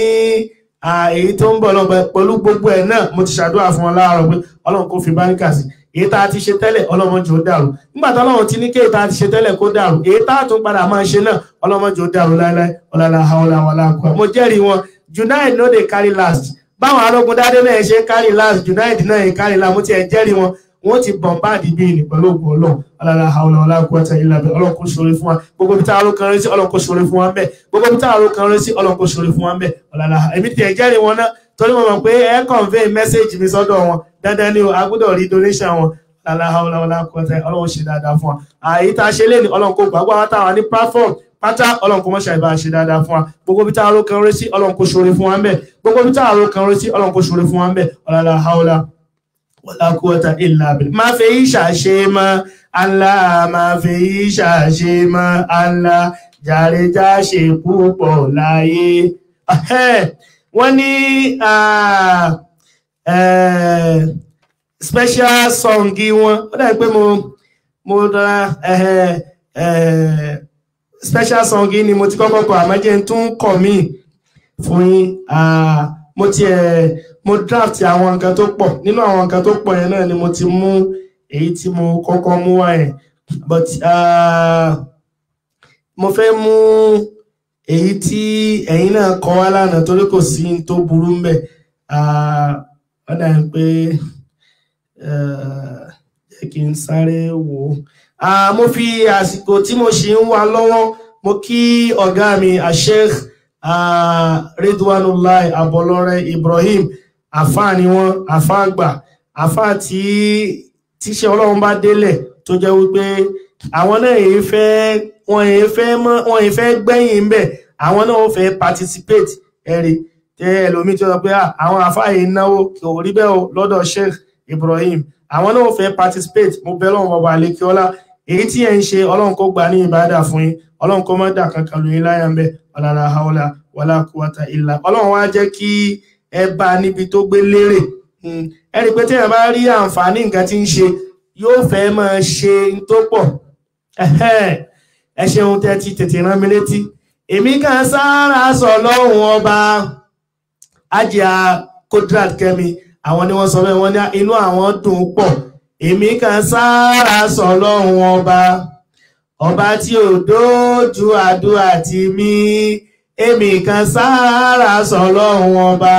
èyí tó ń bọ̀ lọ pẹ̀lú gbogbo ẹ̀ náà mo ti ṣàdúrà fún wọn láàárọ̀ pé ọlọ́run kò fi báríkà sí èyí tá a ti ṣe tẹ́lẹ̀ ọlọ́run jò dàrú nígbà tí ọlọ́run ti ní kí èyí tá a ti ṣe tẹ́lẹ̀ kó dàrú èyí tá a tún padà máa ṣe náà ọlọ́run dàrú láéláé ọ̀làlà àwọn ọ̀làwọ̀là àkùrọ̀ mo jẹ́rìí wọn Junaid no dey carry last báwọn arógun dádé náà ṣe kárí láàs united náà ń kárí láàmú tí ẹ jẹ́rìí wọn wọ́n ti bọ̀m̀báàdì bíi ní pẹ̀lú ògùn ọlọ́run alára àwọn aláàgbọ́ta ìlàbẹ̀ ọlọ́kọ̀ ṣòro fún wa gbogbo bí táàrọ̀ kan rí sí ọlọ́kọ̀ ṣòro fún wa ń bẹ̀ gbogbo bí táàrọ̀ kan rí sí ọlọ́kọ̀ ṣòro fún wa ń bẹ̀ ọ̀làlà èmi tiẹ̀ jẹ́rìí wọn náà torí mo mọ̀ pé ẹ convey message mi sọ́dọ̀ wọn dandan ni o a gbọ́dọ̀ rí donation wọn alára àwọn aláàgbọ́ta ọlọ́run ṣe dáadáa fún wa àyíká ṣe lé ní ọlọ́kọ̀ gbàgbọ́ àwọn táwọn ní platform pátá ọlọ́run kò mọ́ṣà ìbá ṣe dáadáa fún wa gbogbo bí táàrò kan rí sí ọlọ́run kò ṣòro fún wa ń bẹ̀ gbogbo bí táàrò kan rí sí ọlọ́run kò ṣòro fún wa ń bẹ̀ ọ̀làlà haúlà wàlákùwọ́ta ìlàbìlì má fẹ́ yí ṣàṣe mọ́ Allah má fẹ́ yí ṣàṣe mọ́ Allah jàre já ṣe púpọ̀ láyé wọ́n ní special song wọn ó dàbí pé mo mo dára special song yìí ni mo ti kọ́kọ́ kọ àmọ́ jẹ́ n tún kọ̀ mí fún yín mo ti ẹ̀ mo draft àwọn nǹkan tó pọ̀ nínú àwọn nǹkan tó pọ̀ yẹn náà ni mo ti mú èyí tí mo kọ́kọ́ mú wá yẹn but uh, mo fẹ́ mú èyí tí ẹ̀yin náà kọ wá lánàá torí kò sí tó burú ń ọ̀dà ń pé jẹ́ kí n sáré wò ó mo fi àsìkò tí mo ṣe ń wá lọ́wọ́ mo kí ọ̀gá mi Sheikh Ridwanullah Abolore Ibrahim àfáà ni wọ́n àfáà gbà àfáà tí tíṣẹ́ ọlọ́run bá délẹ̀ tó jẹ́ wípé àwọn náà èyí fẹ́ wọn èyí fẹ́ mọ́ wọn èyí fẹ́ gbẹ̀yìn ńbẹ̀ àwọn náà ó fẹ́ participate ẹ̀rí tẹ́ ẹlòmíì tí ó sọ pé àwọn àfáà yìí náwó kò rí bẹ́ẹ̀ o lọ́dọ̀ Sheikh Ibrahim àwọn náà ó fẹ́ participate mo bẹ́ lọ́wọ́ ọba àlékiọ́lá èyí tí ẹ ń ṣe ọlọ́run kó gbà ní ìbádà fún yín ọlọ́run kó má dà kankan lóyún láyà ń bẹ ọ̀làlà haúlà wàlà kúwàtà ìlà ọlọ́run wá jẹ́ kí ẹ bá níbi tó gbé lérè hmm. ẹ rí pé tí bá rí àǹfààní nǹkan tí ń ṣe yóò fẹ́ máa ṣe tó pọ̀ ẹ ṣeun tẹ́ tètè rán mi létí èmi kan sára sọ lọ́hùn ọba ajá kodrat kẹmi àwọn ni wọ́n sọ bẹ́ẹ̀ wọ́n ní inú àwọn dùn pọ̀ èmi kan sáárà sọlọ́run ọba ọba tí ò dójú àdúrà ti mí èmi kan sáárà sọlọ́run ọba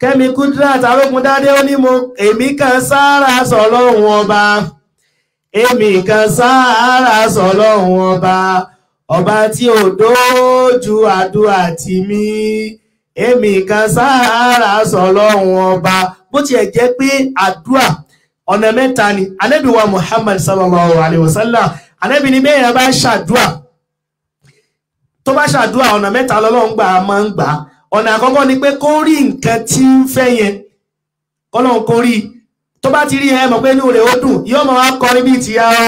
kẹ́mi kúdíràt arógun ó ní mo èmi kan sáárà sọlọ́run ọba èmi kan sáárà sọlọ́run ọba ọba tí ò dójú àdúrà ti mí èmi kan sáárà sọlọ́run ọba bó tiẹ̀ jẹ́ pé àdúrà ọ̀nà mẹ́ta ni anábì wa Muhammad sallallahu alayhi wa sallam anábì ni bẹ́ẹ̀ bá ṣàdúà tó bá ṣàdúà ọ̀nà mẹ́ta lọ́lọ́run gbà máa ń gbà ọ̀nà àkọ́kọ́ ni pé kó rí nǹkan tí ń fẹ́ yẹn kọ́lọ́run kó rí tó bá ti rí ẹ mọ̀ pé inú rẹ̀ ó dùn yóò máa wá kọrin bíi ti ara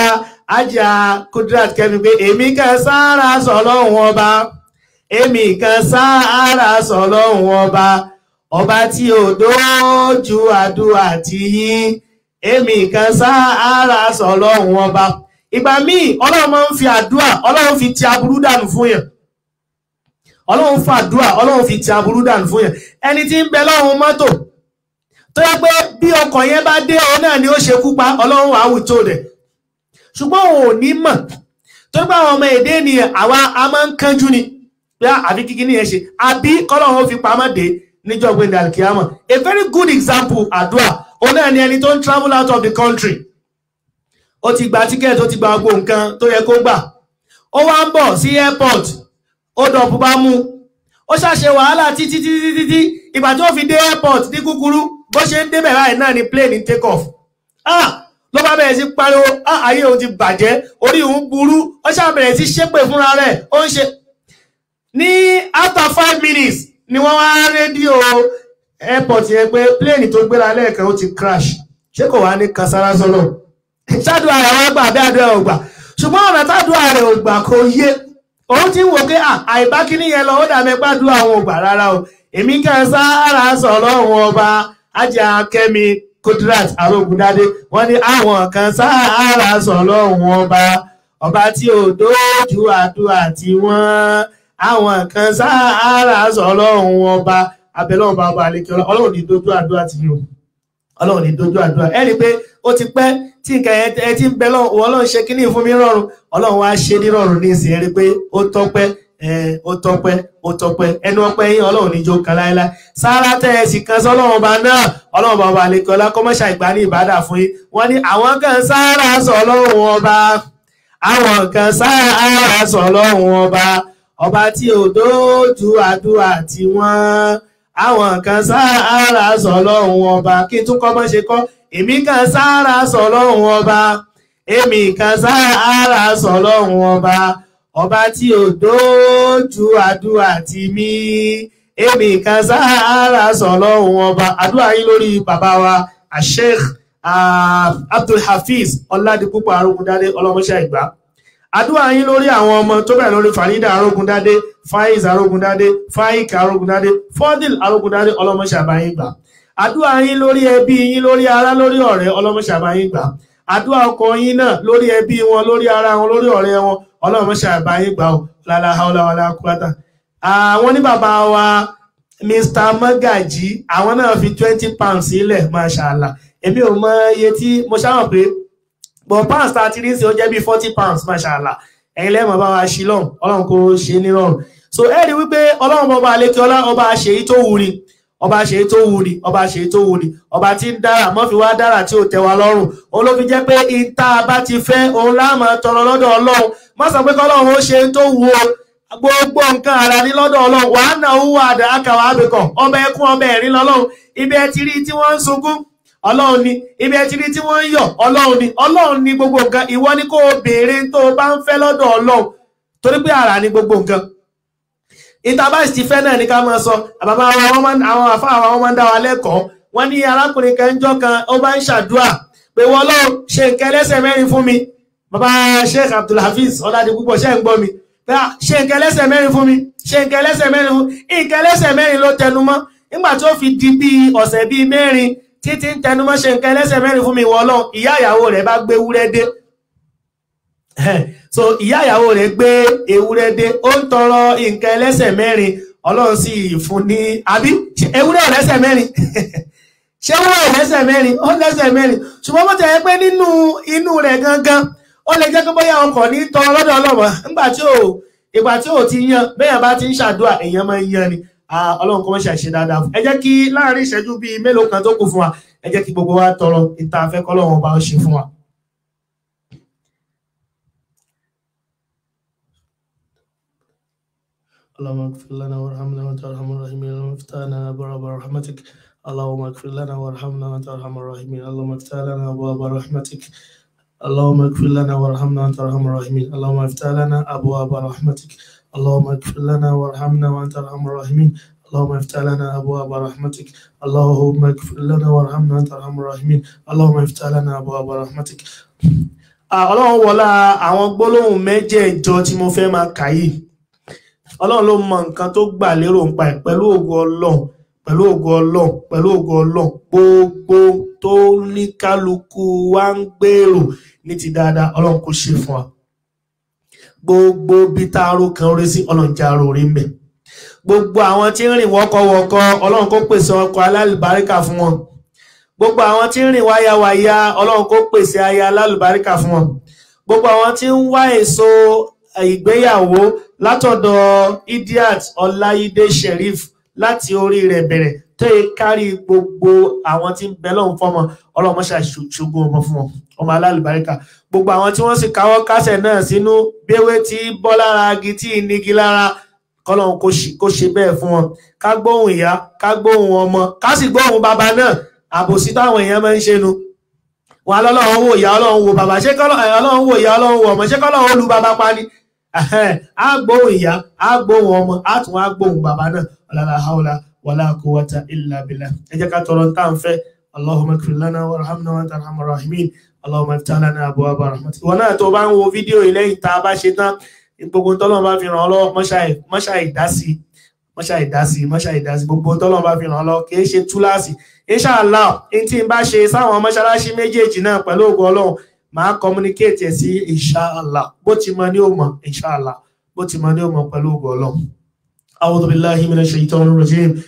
ajá Kudrat Kẹ́mi pé èmi kan sára sọ̀lọ́hún ọba èmi kan sára sọ̀lọ́hún ọba ọba tí ò dójú àdúrà tì yín èmi kan sáárà sọ ọlọ́run ọba ìgbà míì ọlọ́run máa ń fi àdúrà ọlọ́run fi ti aburú dànù fún yàn ọlọ́run fàdúrà ọlọ́run fi ti aburú dànù fún yàn ẹni tí ń bẹ lọ́run mọ́tò tó yẹ pé bí ọkọ̀ yẹn bá dé ọ náà ni ó ṣekú pa ọlọ́run àwùjọ rẹ̀ ṣùgbọ́n òun ò ní mọ̀ tó bá àwọn ọmọ èdè ènìyàn àwa a máa ń kánjú ni pé àbí kíkí ní ṣe àbí kọ́lọ́run ó fi pamọ́ dé níjọ́ gbẹ̀dẹ̀ a very good example àdúrà òun náà ni ẹni tó ń travel out of the country ó ti gba ticket ó ti gba gbogbo nǹkan tó yẹ kó gbà ó wá ń bọ̀ sí airport ó dọ̀pù bá mú ó ṣàṣe wàhálà títí títí títí ìgbà tó fi dé airport ní kúkúrú bó ṣe ń débẹ̀ báyìí náà ni plane take off ah ló bá bẹ̀rẹ̀ sí pariwo ah ayé òun ti bàjẹ́ orí òun burú ó ṣàbẹ̀rẹ̀ sí ṣépè fúnra rẹ̀ ó ń ṣe ní after five minutes ni wọ́n wá rédíò airport yẹn pé plane tó gbéra lẹ́ẹ̀kan ó ti crash ṣé kò wá ní kasara sọ́lọ̀ ṣáàdùn ara wọn gbà bí àdúrà ò gbà ṣùgbọ́n ọ̀nà tádùn ara ò gbà kò yé òun ti ń wò pé àìbá kíní yẹn lọ ó dà mẹ́pà dùn àwọn ò gbà rárá o èmi kasara sọ̀rọ̀ wọn ọba ajá kẹ́mi Kudrat Arógundádé wọ́n ní àwọn kan sáárà sọ̀rọ̀ wọn ọba ọba tí ò dójú àdúrà tí wọ́n àwọn kan sáárà sọ̀rọ̀ wọn ọba abẹ́lọ́wọ̀n bá bá lékè ọlọ́run ní dojú àdúrà ti yòó ọlọ́run ní dojú àdúrà ẹ rí i pé ó ti pẹ́ tí nǹkan ẹ ti ń bẹ lọ́wọ́ ọlọ́run ṣe kíní fún mi rọrùn ọlọ́run wá ṣe ní rọrùn ní ìsìn ẹ i pé ó tọ́pẹ́ ó tọ́pẹ́ ó tọ́pẹ́ ẹnu ọpẹ́ yín ọlọ́run níjó kan láéláé sáárá tẹ́ ẹ sì kan sọ́lọ́run ọba náà ọlọ́run bàbá àlekè ọlá kọ́mọ́ṣà ìgbà ní ìbádà fún yín wọ́n ní àwọn kan sáárá sọ ọba àwọn kan sáárá sọ ọba ọba tí ò dójú àdúrà tí wọ́n àwọn kan sára sọlọ́run ọba kí n tún kọ́ mọ́ ṣe kọ́ èmi kan sára sọlọ́run ọba èmi kan sára sọlọ́run ọba ọba tí ò dójú àdúrà ti mí èmi kan sára sọlọ́run ọba àdúrà yín lórí bàbá wa Sheikh ah, Abdulhafiz ọládìpúpọ̀ arúgbó dálé ọlọ́mọṣẹ́ ìgbà àdúrà yín lórí àwọn ọmọ tó bẹ̀rẹ̀ lórí farida arógundádé faiz arógundádé faik arógundádé fọdil arógundádé ọlọmọṣàbáyín gbà àdúrà yín lórí ẹbí yín lórí ará lórí ọ̀rẹ́ ọlọmọṣàbáyín gbà àdúrà ọkọ yín náà lórí ẹbí wọn lórí ará wọn lórí ọ̀rẹ́ wọn ọlọmọṣàbáyín gbà ó lálá haúláwàlá kúrátà. àwọn ní bàbá wa mr magaji àwọn náà fi twenty pounds sílẹ̀ masha allah èmi ò mọ iye tí mo ṣáwọn pé but pounds tá a ti rí sí ó jẹ́ bí forty pounds mashallah ẹ̀yin lẹ́mọ̀ bá wa ṣí lọ́rùn ọlọ́run kò ṣe ní lọ́rùn so ẹ rí wípé ọlọ́run ọba àlékè ọlá ọba àṣeyí tó wù ni ọba àṣeyí tó wù ni ọba àṣeyí tó wù ni ọba tí ń dára mọ́ fi wá dára tí ò tẹ́ wa lọ́rùn òun ló fi jẹ́ pé ìta bá ti fẹ́ òun láàmú tọrọ lọ́dọ̀ ọlọ́run má sọ pé kọ́lọ́run ó ṣe tó wù o gbogbo nǹkan ara ní lọ́dọ̀ ọlọ́run wàá náà ó wà dá àbẹ̀kọ̀ ọba ẹkún ọba ẹ̀rín lọ́lọ́run ibi ẹ ti rí tí wọ́n ń sunkún ọlọ́run ni ibi ẹ ti rí tí wọ́n ń yọ̀ ọlọ́run ni ọlọ́run ni gbogbo nǹkan ìwọ ni kò béèrè tó o bá ń fẹ́ lọ́dọ̀ ọlọ́run torí pé ara ni gbogbo nǹkan ìtàbá sì ti fẹ́ náà ní ká máa sọ àbámá àwọn àfa àwọn ọmọ ń dá wa lẹ́kọ̀ọ́ wọ́n ní arákùnrin kan jọ́ kan ó bá ń ṣàdúrà pé wọ́n lọ́ọ́ ṣe nǹkan ẹlẹ́sẹ̀ mẹ́rin fún mi bàbá Sheikh Abdulhafiz ọ̀làdì púpọ̀ ṣe ń gbọ́ mi ah, ṣe nǹkan ẹlẹ́sẹ̀ mẹ́rin fún mi ṣe nǹkan ẹlẹ́sẹ̀ mẹ́rin fún mi nǹkan ẹlẹ́sẹ̀ mẹ́rin ló tẹnu mọ́ nígbà tó fi di bíi ọ̀sẹ̀ bíi mẹ́rin títí ń tẹnumọ́ ṣe nǹkan ẹlẹ́sẹ̀ mẹ́rin fún mi wọ ọlọ́run ìyá ìyàwó rẹ̀ bá gbé ewúrẹ́ dé so ìyá ìyàwó rẹ̀ gbé ewúrẹ́ dé ó ń tọrọ nǹkan ẹlẹ́sẹ̀ mẹ́rin ọlọ́run sì fún ní àbí ewúrẹ́ ọ̀lẹ́sẹ̀ mẹ́rin ṣé wọ́n ọ̀lẹ́sẹ̀ mẹ́rin ọ̀lẹ́sẹ̀ mẹ́rin ṣùgbọ́n bó ti yẹ pé nínú inú rẹ̀ gangan ó lè jẹ́ pé bóyá ọkọ̀ ní tọrọ lọ́dọ̀ ọlọ́mọ nígbà tí ò ìgbà tí ò ti yan bẹ́ẹ̀ bá ti ń ṣàdúrà èèyàn máa ń yan ni ọlọ́run kó mọ́ ṣàṣe dáadáa fún ẹ jẹ́ kí láàrin ìṣẹ́jú bíi mélòó kan tó kù fún wa ẹ jẹ́ kí gbogbo wa tọrọ ìta afẹ́kọ́ lọ́wọ́ ọba ó ṣe fún wa. اللهم اغفر لنا وارحمنا وانت ارحم الراحمين اللهم افتحنا ابواب رحمتك اللهم اغفر لنا وارحمنا وانت ارحم الراحمين اللهم افتح لنا ابواب رحمتك اللهم اغفر لنا وارحمنا وانت ارحم الراحمين اللهم افتح لنا ابواب رحمتك اللهم اغفر لنا وارحمنا وانت ارحم الراحمين اللهم افتح لنا ابواب رحمتك اللهم اغفر لنا وارحمنا وانت ارحم الراحمين اللهم افتح لنا ابواب رحمتك ọlọ́run wọlá àwọn gbólóhùn mẹ́jẹ̀ẹ̀jọ tí mo fẹ́ máa kà yìí ọlọ́run ló mọ nǹkan tó gbà lérò ń pa ẹ̀ pẹ̀lú ògo ọlọ́run pẹ̀lú ògo ọlọ́run pẹ̀lú ògo ọlọ́run gbogbo tó ní kálukú wa ń gbèrò ní ti dáadáa ọlọ́run kò ṣe fún wa gbogbo bí tá a ro kan orí sí ọlọ́run já ro orí mbẹ̀ gbogbo àwọn tí ń rìn wọ́kọ̀wọ́kọ̀ ọlọ́run kó pèsè ọkọ̀ alálùbáríkà fún wọn gbogbo àwọn tí ń rìn wáyàwáyà ọlọ́run kó pèsè aya alálùbáríkà fún wọn gbogbo àwọn tí ń wá èso eh, ìgbéyàwó látọ̀dọ̀ idiat ọláyídé sheriff láti orí rẹ̀ bẹ̀rẹ̀ tó yẹ kárí gbogbo àwọn tí ń bẹ lọ́hùn fọmọ ọlọ́run mọ́ṣáà ṣògo ọmọ fún wọn ọmọ alálùbáríkà gbogbo àwọn tí wọ́n sì káwọ́ kásẹ̀ náà sínú béwé tí bọ́ lára agi tí nígi lára kọ́lọ́hún kó ṣe bẹ́ẹ̀ fún wọn ká gbóhùn ìyá ká gbóhùn ọmọ ká sì gbóhùn bàbá náà àbòsí táwọn èèyàn máa ń ṣe nu wọn lọ́lọ́run wo ìyá ọlọ́run wo bàbá ṣé ọlọ́run wo ìyá ọlọ́run wo ọmọ ṣé kọ́lọ́run ó lu pa ni á gbóhùn ìyá á gbóhùn ọmọ á tún á gbóhùn bàbá náà ọ̀làlà haúlà wàlá quwwata illa billah ẹ ká tọrọ ní táwọn Allahumma iftah lana abwaba rahmatik wọn náà tó bá ń wo fídíò yìí lẹ́yìn tá a bá ṣe tán gbogbo tọ́lọ́run bá fi ràn ọ́ lọ́wọ́ mọ́ṣá ìdásí mọ́ṣá ìdásí mọ́ṣá ìdásí gbogbo tọ́lọ́run bá fi ràn ọ́ lọ́wọ́ kì í ṣe túláàsì inshallah n tí n bá ṣe sáwọn mọ́ṣáláṣí méjèèjì náà pẹ̀lú ògùn ọlọ́run màá communicate ẹ̀ sí inshallah bó ti mọ ní òmọ̀ inshallah bó ti mọ ní òmọ̀ pẹ̀lú ògùn ọlọ́run. a'udhu billahi minash shaitanir rajim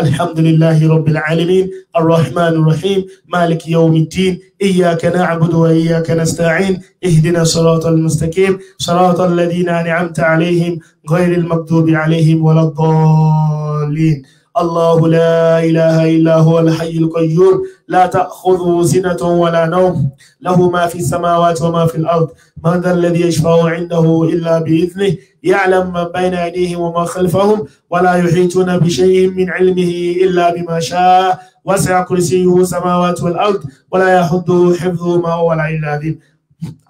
الحمد لله رب العالمين الرحمن الرحيم مالك يوم الدين إياك نعبد وإياك نستعين اهدنا صراط المستقيم صراط الذين أنعمت عليهم غير المكتوب عليهم ولا الضالين الله لا إله إلا هو الحي القيوم لا تأخذه سنة ولا نوم له ما في السماوات وما في الأرض من ذا الذي يشفع عنده إلا بإذنه يعلم ما بين أيديهم وما خلفهم ولا يحيطون بشيء من علمه إلا بما شاء وسع كرسيه السماوات والأرض ولا يحضه ما هو إلا ذي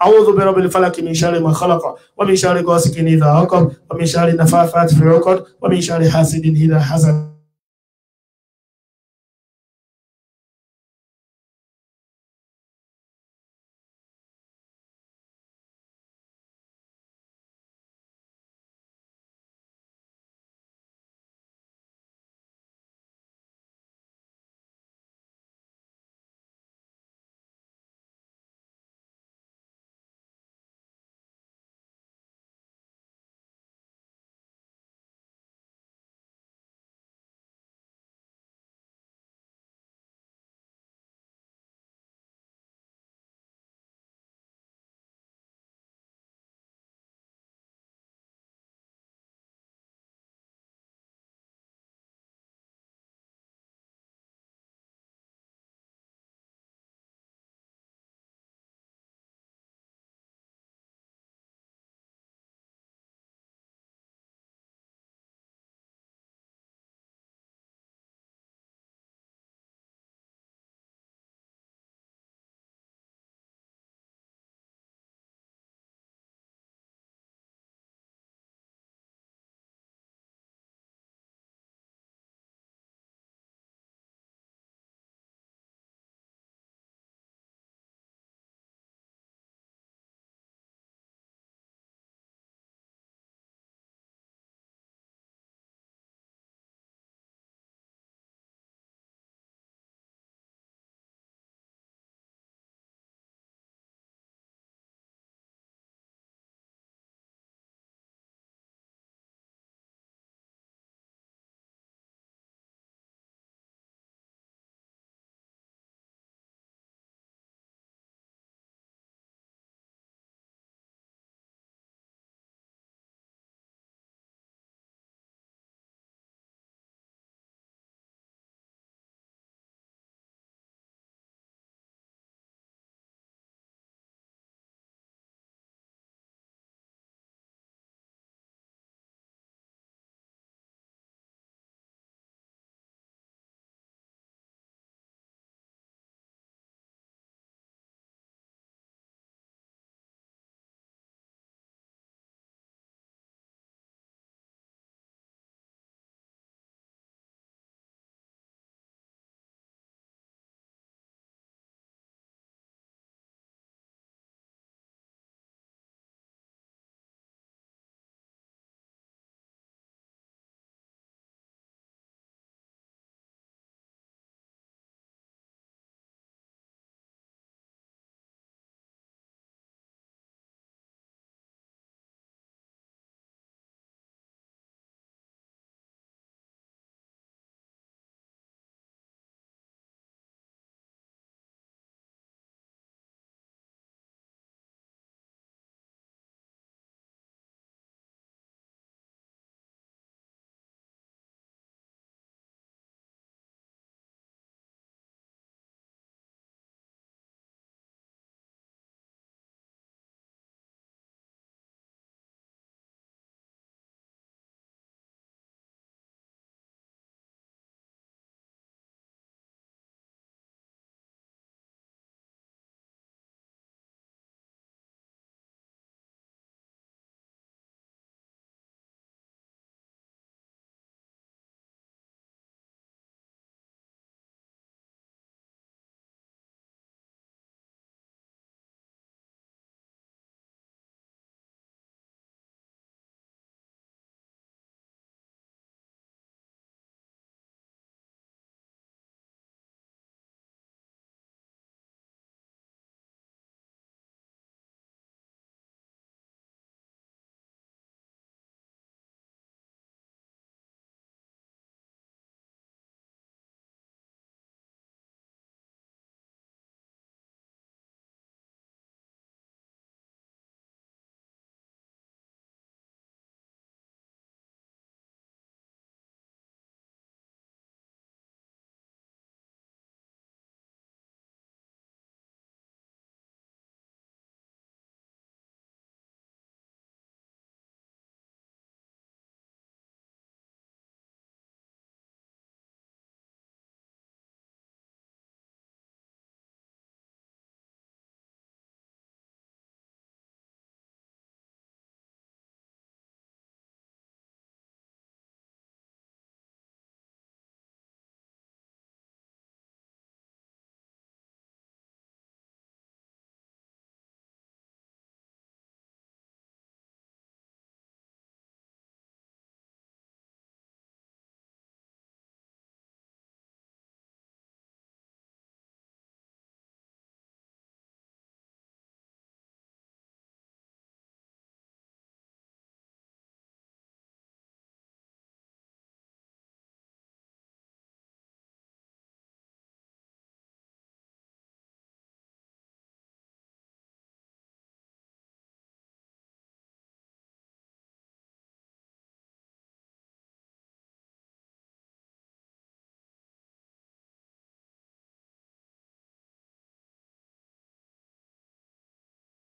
أعوذ برب الفلك من شر ما خلق ومن شر غاسق إذا وقب ومن شر نفاثات في العقد ومن شر حاسد إذا حسد